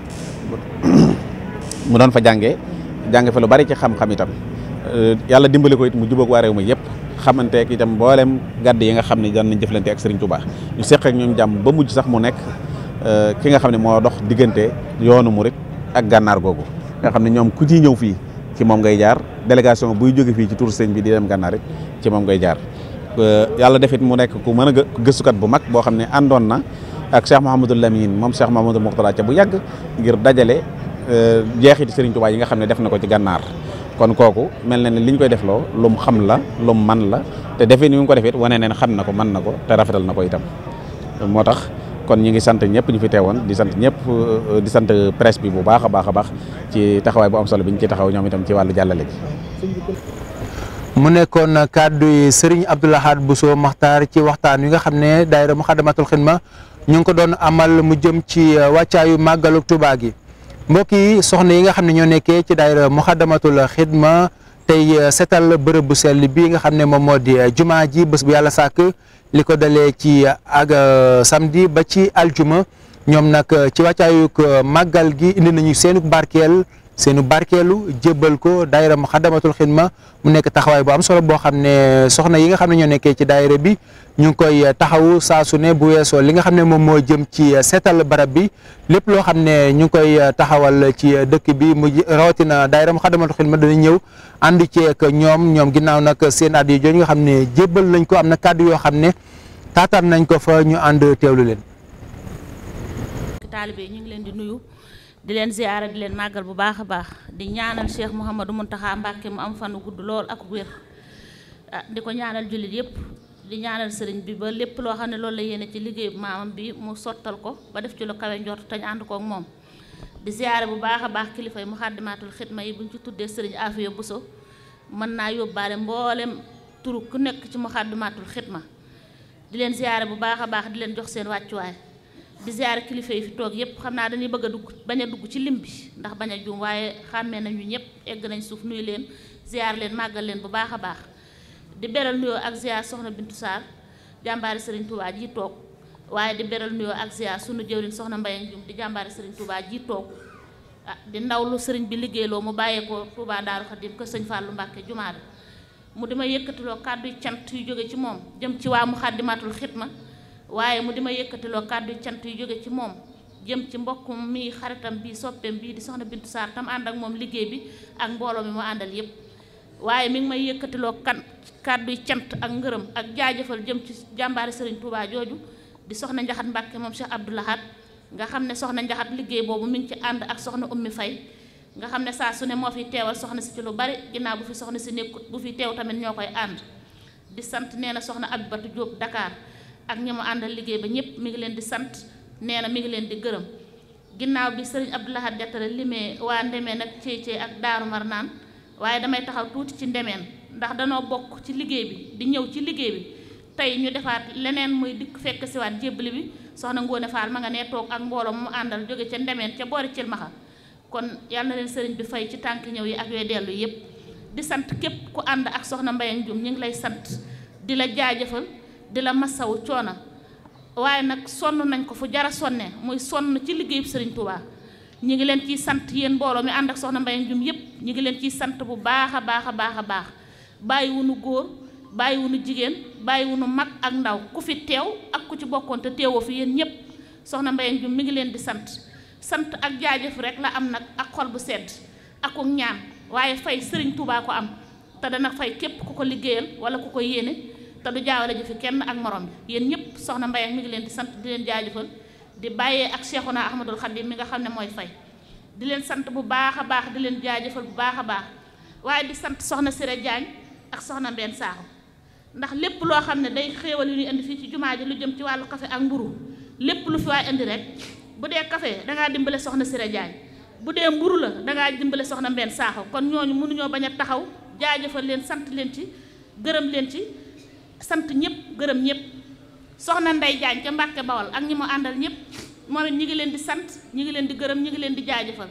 mu doon fa jàngee jànge fa lu bari ci xam-xam itam euh, yàlla dimbali ko it mu jubóog waa réew ma yëpp xamanteek itam mboolem gàdd yi nga xam ne daan nañ jëflante ak Serigne Touba ñu seq ñoom jàmm ba mujj sax mu nekk euh, ki nga xam ne moo dox diggante yoonu murit ak gànnaar googu nga xam ne ñoom ku ji ñëw fii ci moom ngay jaar délégation buy jóge fii ci tur sëñ bi di dem gànnaar it ci moom ngay jaar yàlla defit mu nekk ku mën a gëstukat bu mag boo xam ne àndoon na ak Cheikh Mouhamadou Lamine moom Cheikh Mouhamadou Mourtada ca bu yàgg ngir dajale euh, jeexiti Serigne Touba yi nga xam ne def na ko ci gànnaar kon kooku mel na ne li ñu koy defloo lum xam la lum man la te defee ni mu ko defee it wane neen xam na ko mën na ko te rafetal na ko itam moo tax kon ñu ngi sant ñëpp ñu fi teewoon di sant ñëpp euh, di sant presse bi bu baax a baax a baax ci taxawaay bu am solo bi ñu ci taxaw ñoom itam ci wàllu jàllale ji mu nekkoon kàddu sëriñ Serigne Abdou bu Bousso Makhtar ci waxtaan wi nga xam ne daayira Moukhaddamatoul Khidma ñu ngi ko doon amal mu jëm ci euh, wàccaayu màggalu Tuubaa yi mbokk yi soxna yi nga xam ne ñoo nekkee ci daayira Moukhaddamatoul Khidma tey euh, setal bërëb bu sell bii nga xam ne moom moo di jumaa ji bés bu yàlla sàkk li ko dalee ci uh, ak uh, samedi ba ci aljuma ñoom nag uh, ci wàccaayug màggal gi indi nañu seenu barkeel seenu barkeelu jébbal ko daayira Muxaddamatul Xidma mu nekk taxawaay bu am solo boo xam ne soxna yi nga xam ne ñoo nekkee ci daayira bi ñu ngi koy eh, taxawu saa su ne bu weesoo li nga xam ne moom moo jëm ci eh, seetal barab bi lépp loo xam ne ñu ngi koy eh, taxawal ci dëkk bi mu rawatina daayira Muxaddamatul Xidma dana ñëw ànd ceeg ñoom ñoom ginnaaw nag seen at yi jooju nga xam ne jébbal nañ ko am na kàddu yoo xam ne taataan nañ ko fa ñu ànd teewlu leen. leen di leen ziyaara di leen màggal bu baax a baax di ñaanal Cheikh mun Mountakha Mbacké mu am fanu gudd lool ak wér ah, di ko ñaanal jullit yépp di ñaanal sëriñ bi ba lépp loo xam ne loolu la yéene ci liggéey maamam bi mu sottal ko ba def ci lu kawe njort te ñu ànd kook moom di ziyaare bu baax a baax kilifa yi muxaddamaatul xidma yi bu ñu ci tuddee sëriñ Afiya Buso mën naa yóbbaale mboolem turu ku nekk ci muxaddamaatul xidma di leen ziyaare bu baax a baax di leen jox seen wàccuwaay di ziare kilifa yi fi toog yépp xam naa dañuy bëgg a dugg bañ a dugg ci lim bi ndax bañ a juum waaye xàmmee nañu ñëpp egg nañ suuf nuyu leen ziar leen màggal leen bu baax a baax di beral nuyoo ak soxna Bintu jàmbaari Serigne Touba ji toog waaye di beral nuyoo ak ziar sunu soxna Mbaye di jàmbaari Serigne Touba ji toog ah di ndaw lu Serigne bi liggéeyloo mu bàyyeekoo Touba Daaru Xadim kër Sëñ Fallou Mbacke jumaa mu dima yëkkatiloo kàddu cant yu jóge ci moom jëm ci waa Muxaddamatul ma waaye mu di ma yëkkatiloo kàddu cant yu jóge ci moom jëm ci mbokk mii xaritam bi soppeem bi di soxna Bintu Sarr tam ànd ak moom liggéey bi ak mbooloo mi mu àndal yépp waaye mi ngi may yëkkatiloo kan kàddu cant ak ngërëm ak jaajëfal jëm ci jàmbaari Serigne Touba jooju di soxna Njaxat Mbàkke moom Cheikh Abdou Lahad nga xam ne soxna Njaxat liggéey boobu mi ngi ci ànd ak soxna Ummi Fay nga xam ne saa su ne moo fi teewal soxna si ci lu bari ginnaaw bu fi soxna si nekkut bu fi teew tamit ñoo koy ànd di sant nee na soxna Abibatu Jóob Dakar ak ñi mu àndal liggéey ba ñëpp mi ngi leen di sant nee na mi ngi leen di gërëm ginnaaw bi sëriñ Abdoulahad Diattara limee waa Ndemeen ak Cécé ak Daaru mar Marnaan waaye damay taxaw tuuti ci Ndemeen ndax danoo bokk ci liggéey bi di ñëw ci liggéey bi tey ñu defaat leneen muy dikk fekk siwaat jébbali bi soxna Ngoone Faal ma nga ne toog ak mbooloo mu àndal jóge ca Ndemeen ca boori Cilmaxa kon yal na leen sëriñ bi fay ci tànk ñëw yi ak yooy dellu yépp di sant képp ku ànd ak soxna Mbayang Jum ñu ngi lay sant di la jaajëfal di la masawu coono waaye nag sonn nañ ko fu jara sonne muy sonn ci liggéeyub sëriñ Touba ñi ngi leen ciy sant yéen mbooloo mi ànd ak soxna Mbayang Jum yëpp ñi ngi leen ciy sant bu baax a baax a baax a baax bàyyiwunu góor bàyyiwunu jigéen bàyyiwunu mag ak ndaw ku fi teew ak ku ci bokkoon te teewoo fi yéen ñëpp soxna Mbayang Jum mi ngi leen di sant sant ak jaajëf la am nag ak xol bu sedd ak ñaan waaye fay sëriñ Touba ko am te dana fay képp ku ko liggéeyal wala ku ko yéene te du jaawale ji fi kenn ak morom bi yéen ñëpp soxna Mbaye mi ngi leen di sant di leen jaajëfal di bàyyee ak Cheikhuna Ahmadul Khadim mi nga xam ne mooy fay di leen sant bu baax a baax di leen jaajëfal bu baax a baax waaye di sant soxna Siré Diagne ak soxna Mbène Sakho ndax lépp loo xam ne day xéewal yu ñuy indi fii ci jumaa ji lu jëm ci wàllu café ak mburu lépp lu fi waay indi rek bu dee café dangaa dimbale soxna Siré Diagne bu dee mburu la dangaa dimbale soxna Mbène Sakho kon ñooñu mënuñoo bañ a taxaw jaajëfal leen sant leen ci gërëm leen ci sant ñëpp gërëm ñëpp soxna Ndey Jaañ ca Mbàkke Bawal ak ñi mu àndal ñëpp moom it ñi ngi leen di sant ñi ngi leen di gërëm ñi ngi leen di jaajëfal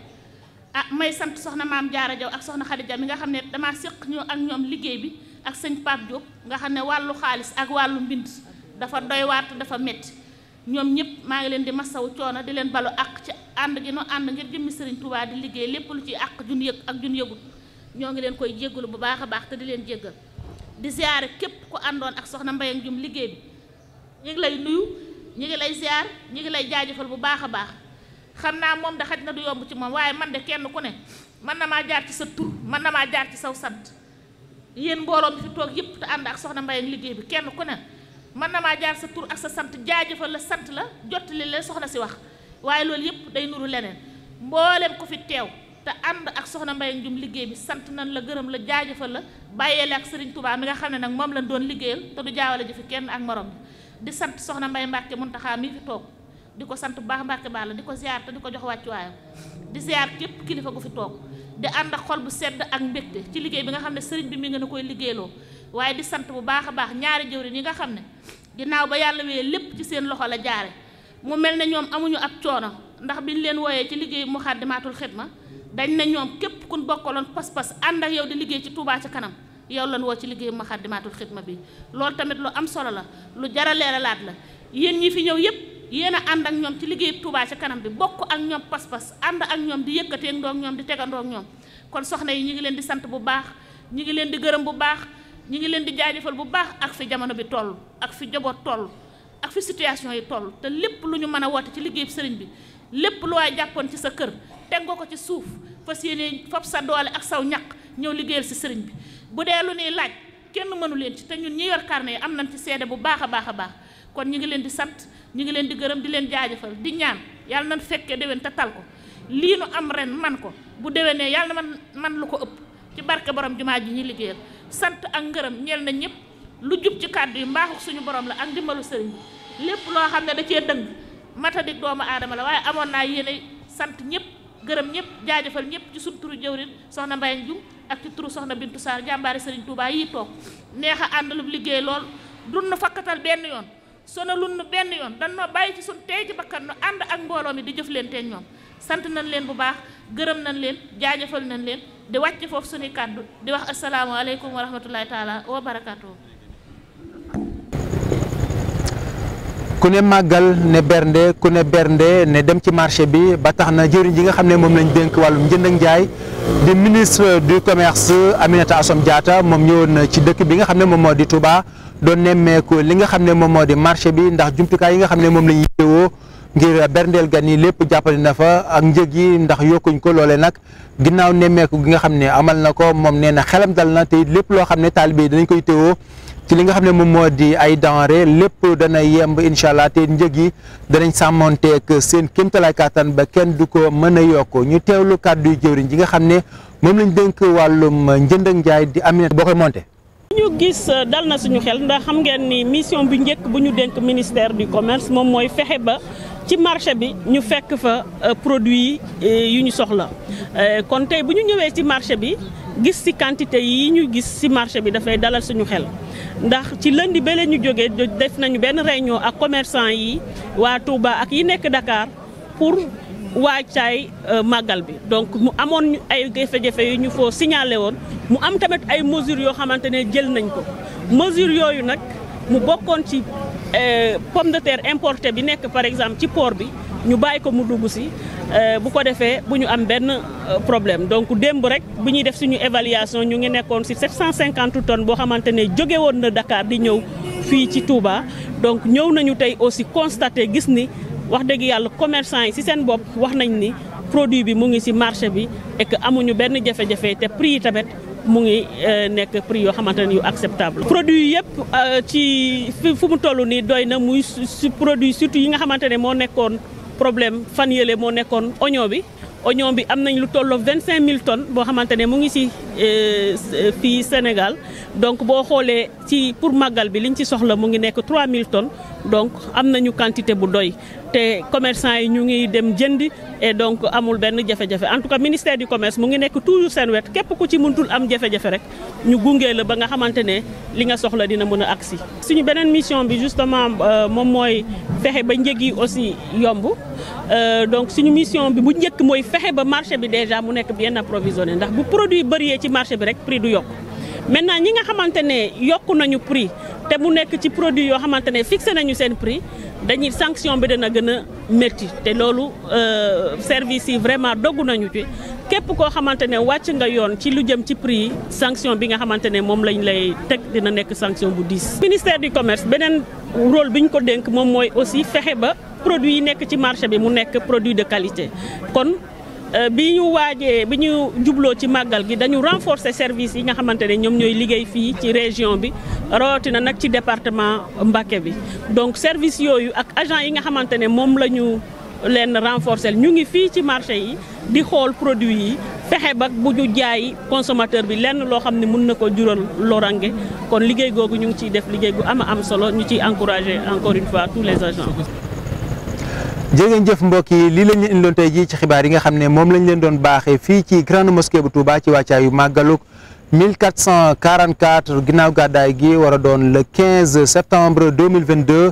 ah may sant soxna maam Jaara Jaw ak soxna Xadija mi nga xam ne damaa séq ñu ak ñoom liggéey bi ak sëñ Pape Diop nga xam ne wàllu xaalis ak wàllu mbind dafa doy dafa metti ñoom ñëpp maa ngi leen di masawu coono di leen balu àq ci ànd gi nu ànd ngir jëmmi sëriñ tubaab di liggéey lépp lu ci àq jun yëg ak jun yëgul ñoo ngi leen koy jéggalu bu baax a baax te di leen jéggal di ziare képp ku àndoon ak soxna mbayan Jum liggéey bi ñu ngi lay nuyu ñu ngi lay ziar ñu ngi lay jaajëfal bu baax a baax xam naa moom da xaj na du yomb ci moom waaye man de kenn ku ne mën na maa jaar ci sa tur mën na maa jaar ci saw sant yéen mbooloo mi toog yëpp ànd ak soxna Mbayang liggéey bi kenn ku ne mën na maa jaar sa tur ak sa sant jaajëfal la sant la jot li leen soxna si wax waaye loolu yëpp day nuru leneen mboolem ko fi teew. te ànd ak soxna Mbaye Ndioum liggéey bi sant nañ la gërëm la jaajëfal la bàyyee la ak Serigne Touba mi nga xam ne nag moom lañ doon liggéeyal te du jaawale jëfi kenn ak morom di sant soxna mbay Mbaye Mbacke Mountakha mi fi toog di ko sant bu baax Mbacke baax la di ko ziar te di ko jox wàccuwaayam di ziar képp kilifa gu fi toog di ànd xol bu sedd ak mbégte ci liggéey bi nga xam ne Serigne bi mi nga na koy liggéeyloo waaye di sant bu baax a baax ñaari jëwriñ yi xam ne ginnaaw ba lépp ci seen loxo la jaare mu mel ne ñoom amuñu ab coono ndax biñ leen wooyee ci liggéey Muxaddamatul Xidma dañ na ñoom képp kun bokkaloon pas-pas ànd ak yow di liggéey ci Touba ca kanam yow lan woo ci ma Moukhaddamatoul Khidma bi loolu tamit lu am solo la lu jar a leeralaat la yéen ñi fi ñëw yépp yéen a ànd ak ñoom ci liggéey Touba ca kanam bi bokk ak ñoom pas-pas ànd ak ñoom di yëkkatee ndoog ñoom di tegandoog ñoom kon soxna yi ñu ngi leen di sant bu baax ñu ngi leen di gërëm bu baax ñu ngi leen di jaajëfal bu baax ak fi jamono bi toll ak fi jaboot toll ak fi situation yi toll te lépp lu ñu mën a woote ci liggéey sëriñ bi lépp lu waay jàppoon sa kër teg nga ko ci suuf fas yéene fab sa doole ak saw ñaq ñëw liggéeyal si sëriñ bi bu dee lu ñuy laaj kenn mënu leen ci te ñun ñi yor carnet yi am nañ ci seede bu baax a baax a baax kon ñu ngi leen di sant ñu ngi leen di gërëm di leen jaajëfal di ñaan yàlla nañ fekkee déwén te tal ko lii nu am ren man ko bu déwénee yàlla na man man lu ko ëpp ci barke borom jumaa ji ñu liggéeyal sant ak ngërëm ñeel na ñëpp lu jub ci kàddu yi mbaaxu suñu borom la ak ndimbalu sëriñ lépp loo xam ne da cee dëng matadik doomu aadama la waaye amoon naa yéene sant ñëpp gërëm ñëpp jaajëfal ñëpp ci sunu turu jëwrin soxna Mbaye Njung ak ci turu soxna Bintu Sarr jàmbaari Serigne Touba yi toog neex a àndalub liggéey lool dun nu fakkatal benn yoon lu nu benn yoon dan noo bàyyi ci sunu tey ci bakkan nu ànd ak mbooloo mi di jëf leen teen ñoom sant nañ leen bu baax gërëm nañ leen jaajëfal nañ leen di wàcc foofu suñuy kàddu di wax asalaamaaleykum wa rahmatullahi taala wa barakaatu. ku ne màggal ne bernde ku ne bernde ne dem ci marché bi ba tax na jëriñ ji nga xam ne moom lañ dénk wàllum njënd ak njaay di ministre du commerce Aminata Assome Diatta moom ñëwoon na ci dëkk bi nga xam ne moom moo di Touba doon nemmeeku li nga xam ne moom moo di marché bi ndax jumtukaay yi nga xam ne moom la ñuy yéewoo ngir berndeel gan yi lépp jàppale na fa ak njëg yi ndax yokkuñ ko loole nag ginnaaw nemmeeku gi nga xam ne amal na ko moom nee na xelam dal na te lépp loo xam ne taalibe yi dinañ koy téewoo ci li nga xam ne moom moo di ay denrée lépp dana yemb incha allah te njëg yi danañ sàmmonteeg seen kéemtalaay kàttan ba kenn du ko mën a yokk ñu teewlu kàddu yu jëwriñ ji nga xam ne moom lañ dénk wàllum njënd ak njaay di Aminata boo koy monté. ñu gis euh, dal na suñu xel ndax xam ngeen ni mission bu njëkk bu ñu dénk ministère du commerce moom mooy fexe ba ci marché bi ñu fekk fa euh, produit euh, yi ñu soxla kon tey bu ñu ñëwee ci marché bi. gis ci quantité yi ñu gis ci marché bi dafay dalal suñu xel ndax ci lëndi ba ñu jóge def nañu benn réunion ak commerçant yi waa Touba ak yi nekk dakaar pour waajtaay euh, màggal bi donc mu amoon ay jafe-jafe yu ñu foo signalé woon mu am tamit ay mesures yoo xamante ne jël nañ ko mesures yooyu nag. mu bokkoon ci euh, pomme de terre importée bi nekk par exemple ci port bi ñu bàyyi ko mu dugg si euh, bu ko defee bu ñu am benn euh, problème donc démb rek bu ñuy def suñu évaluation ñu ngi nekkoon si 750 tonnes boo xamante ne jóge na dakaar di ñëw fii ci Touba donc ñëw nañu tey aussi constaté gis ni wax dëgg yàlla commerçant yi si seen bopp wax nañ ni produit bi mu ngi si marché bi et que amuñu benn jafe-jafe te prix yi tamit mu ngi euh, nekk prix yoo xamante ne yu acceptable. produit yëpp euh, ci fu mu toll nii doy na muy su produit surtout yi nga xamante ne moo nekkoon problème fan yële moo nekkoon oignon bi. oignon bi am nañ lu tolloo vingt cinq mille tonnes boo xamante ne mu ngi ci euh, fi Sénégal donc boo xoolee ci pour màggal bi liñ ci soxla mu ngi nekk trois mille tonnes. donc am nañu quantité bu doy te commerçant yi ñu ngi dem jëndi et donc amul benn jafe-jafe en tout cas ministère du commerce mu ngi nekk toujours seen wet képp ko ci mëntul am jafe-jafe rek ñu gunge la ba nga xamante ne li nga soxla dina mën a agsi suñu beneen mission bi justement euh, moom mooy fexe ba njëg aussi yomb euh, donc suñu mission bi bu njëkk mooy fexe ba marché bi déjà mu nekk bi bien approvisionné ndax bu produit bëriyee ci marché bi rek prix du yokk maintenant ñi nga xamante ne yokku nañu prix te mu nekk ci produit yoo xamante ne fixé nañu seen prix dañuy sanction bi dana gën a métti te loolu euh, service yi vraiment dogg nañu ci képp koo xamante ne wàcc nga yoon ci lu jëm ci prix yi sanction bi nga xamante ne moom lañ lay teg dina nekk sanction bu diis. ministère du commerce beneen rôle bi ñu ko dénk moom mooy aussi fexe ba produit yi nekk ci marché bi mu nekk produit de qualité kon. Euh, bi ñu waajee bi ñu jubloo ci màggal gi dañu renforcer service yi nga xamante ne ñoom ñooy liggéey fii ci région bi rawatina nag ci département Mbacké bi donc service yooyu ak agent yi nga xamante ne moom la ñu leen renforcer ñu ngi fii ci marché yi di xool produit yi pexe ba bu ñu jaay consommateur bi lenn loo xam ne mun na ko jural lorange kon liggéey googu ñu ngi ciy def liggéey gu am am solo ñu ciy encourager encore une fois tous les agents jërë jëf mbokk yi lii lañ leen indiloon tey jii ci xibaar yi nga xam ne moom lañu leen doon baaxee fii ci grande mosquée bu Touba ci wàccaayu màggaluk 1444 ginnaaw gàddaay gi war a doon le 15 septembre 2022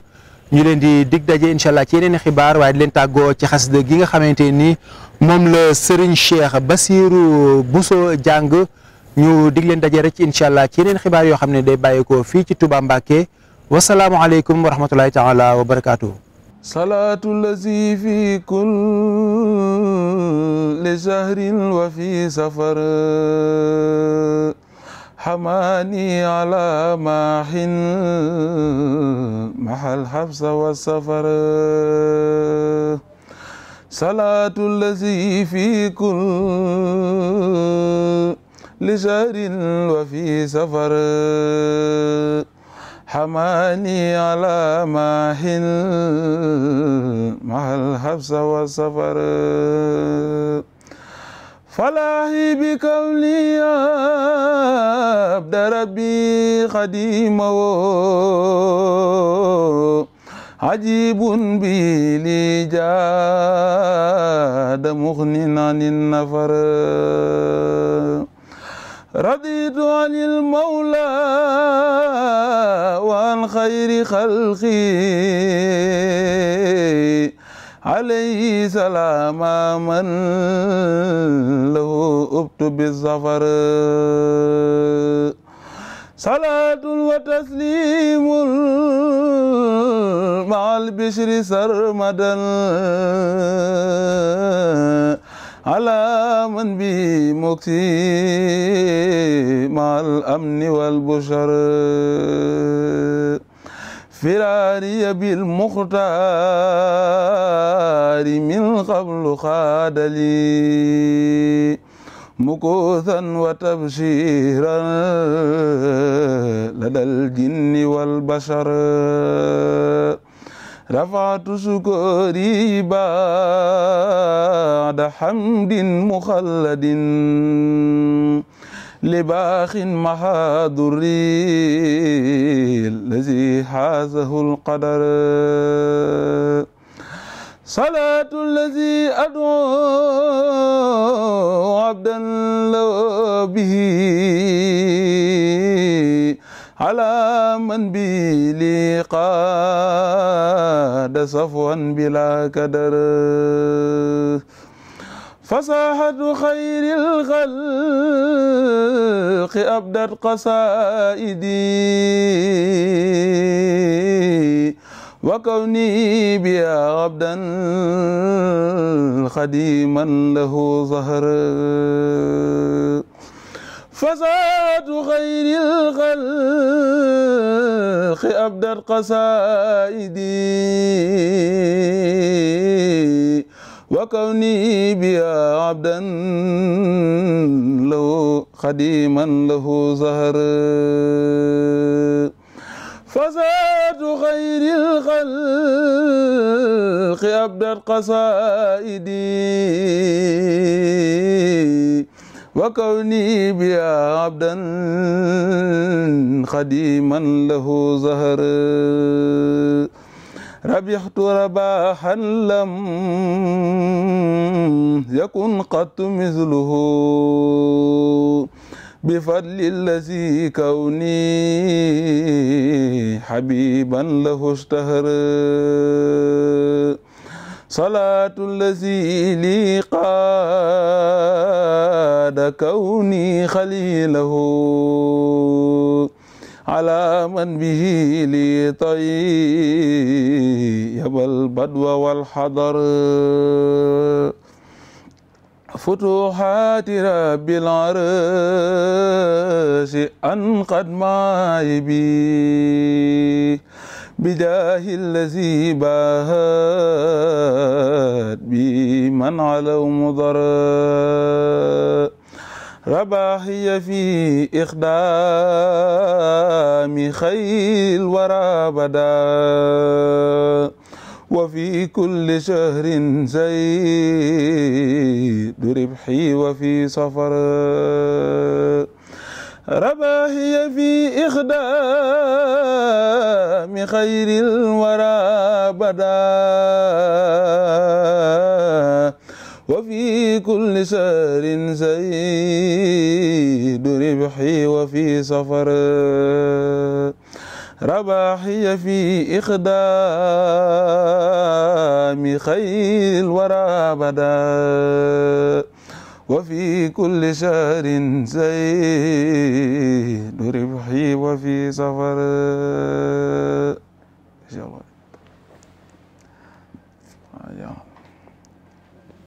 ñu leen di dig daje incha allah ci yeneen xibaar waaye di leen tàggoo ci xasida gi nga xamante ni moom la Serigne Cheikh Bassirou Bousso jàng ñu dig leen daje rek incha allah ci yeneen xibaar yoo xam ne day ko fii ci Touba Mbacké wasalaamualeykum wa rahmatulahi taala wa barakaatu. salaatu lazi fi kulli shahrin wa fi safar xamaani ala maaxin maxal xabsa wa safar حماني على ماهل مع الحبس والسفر فلاهي بكوني عبد ربي خديمه عجيب به لي جاد مغن عن النفر raditu anil mawla wa an xayri xalqi alayhi salaama man lahu ubtu bisafar salaatun wa taslimun ma'al bishri sarmadan على من به مكتي مع الأمن والبشر فراري بالمختار من قبل خاد لي مكوثا وتبشيرا لدى الجن والبشر رفعت شكري بعد حمد مخلد لباخ محا دري الذي حازه القدر صلاة الذي أدعو عبدا له به على من بي لي قاد صفوا بلا كدر فصاحة خير الخلق أبدت قصائدي وكوني بها عبدا خديما له ظهر فساد خير الخلق أبدى القصائد وكوني بها عبدا له خديما له زهر فساد خير الخلق أبدى القصائد وكوني بها عبدا خديما له زهر ربحت رباحا لم يكن قط مثله بفضل الذي كوني حبيبا له اشتهر salaatu lazi li qaada kawni xalilahu ala man bihi li tayyabal badwa wal hadar futuhaati rabbil arshi an qad maayibi بجاه الذي باهت بمن علو مضر رباحي في إخدام خيل ورابدا وفي كل شهر زيد ربحي وفي سفر رباهي في إخدام خير الورى بدا وفي كل سهر زيد ربحي وفي سفر رباحي في إخدام خير الورى بدا وفي كل شهر زيد ربحي وفي سفر إن شاء الله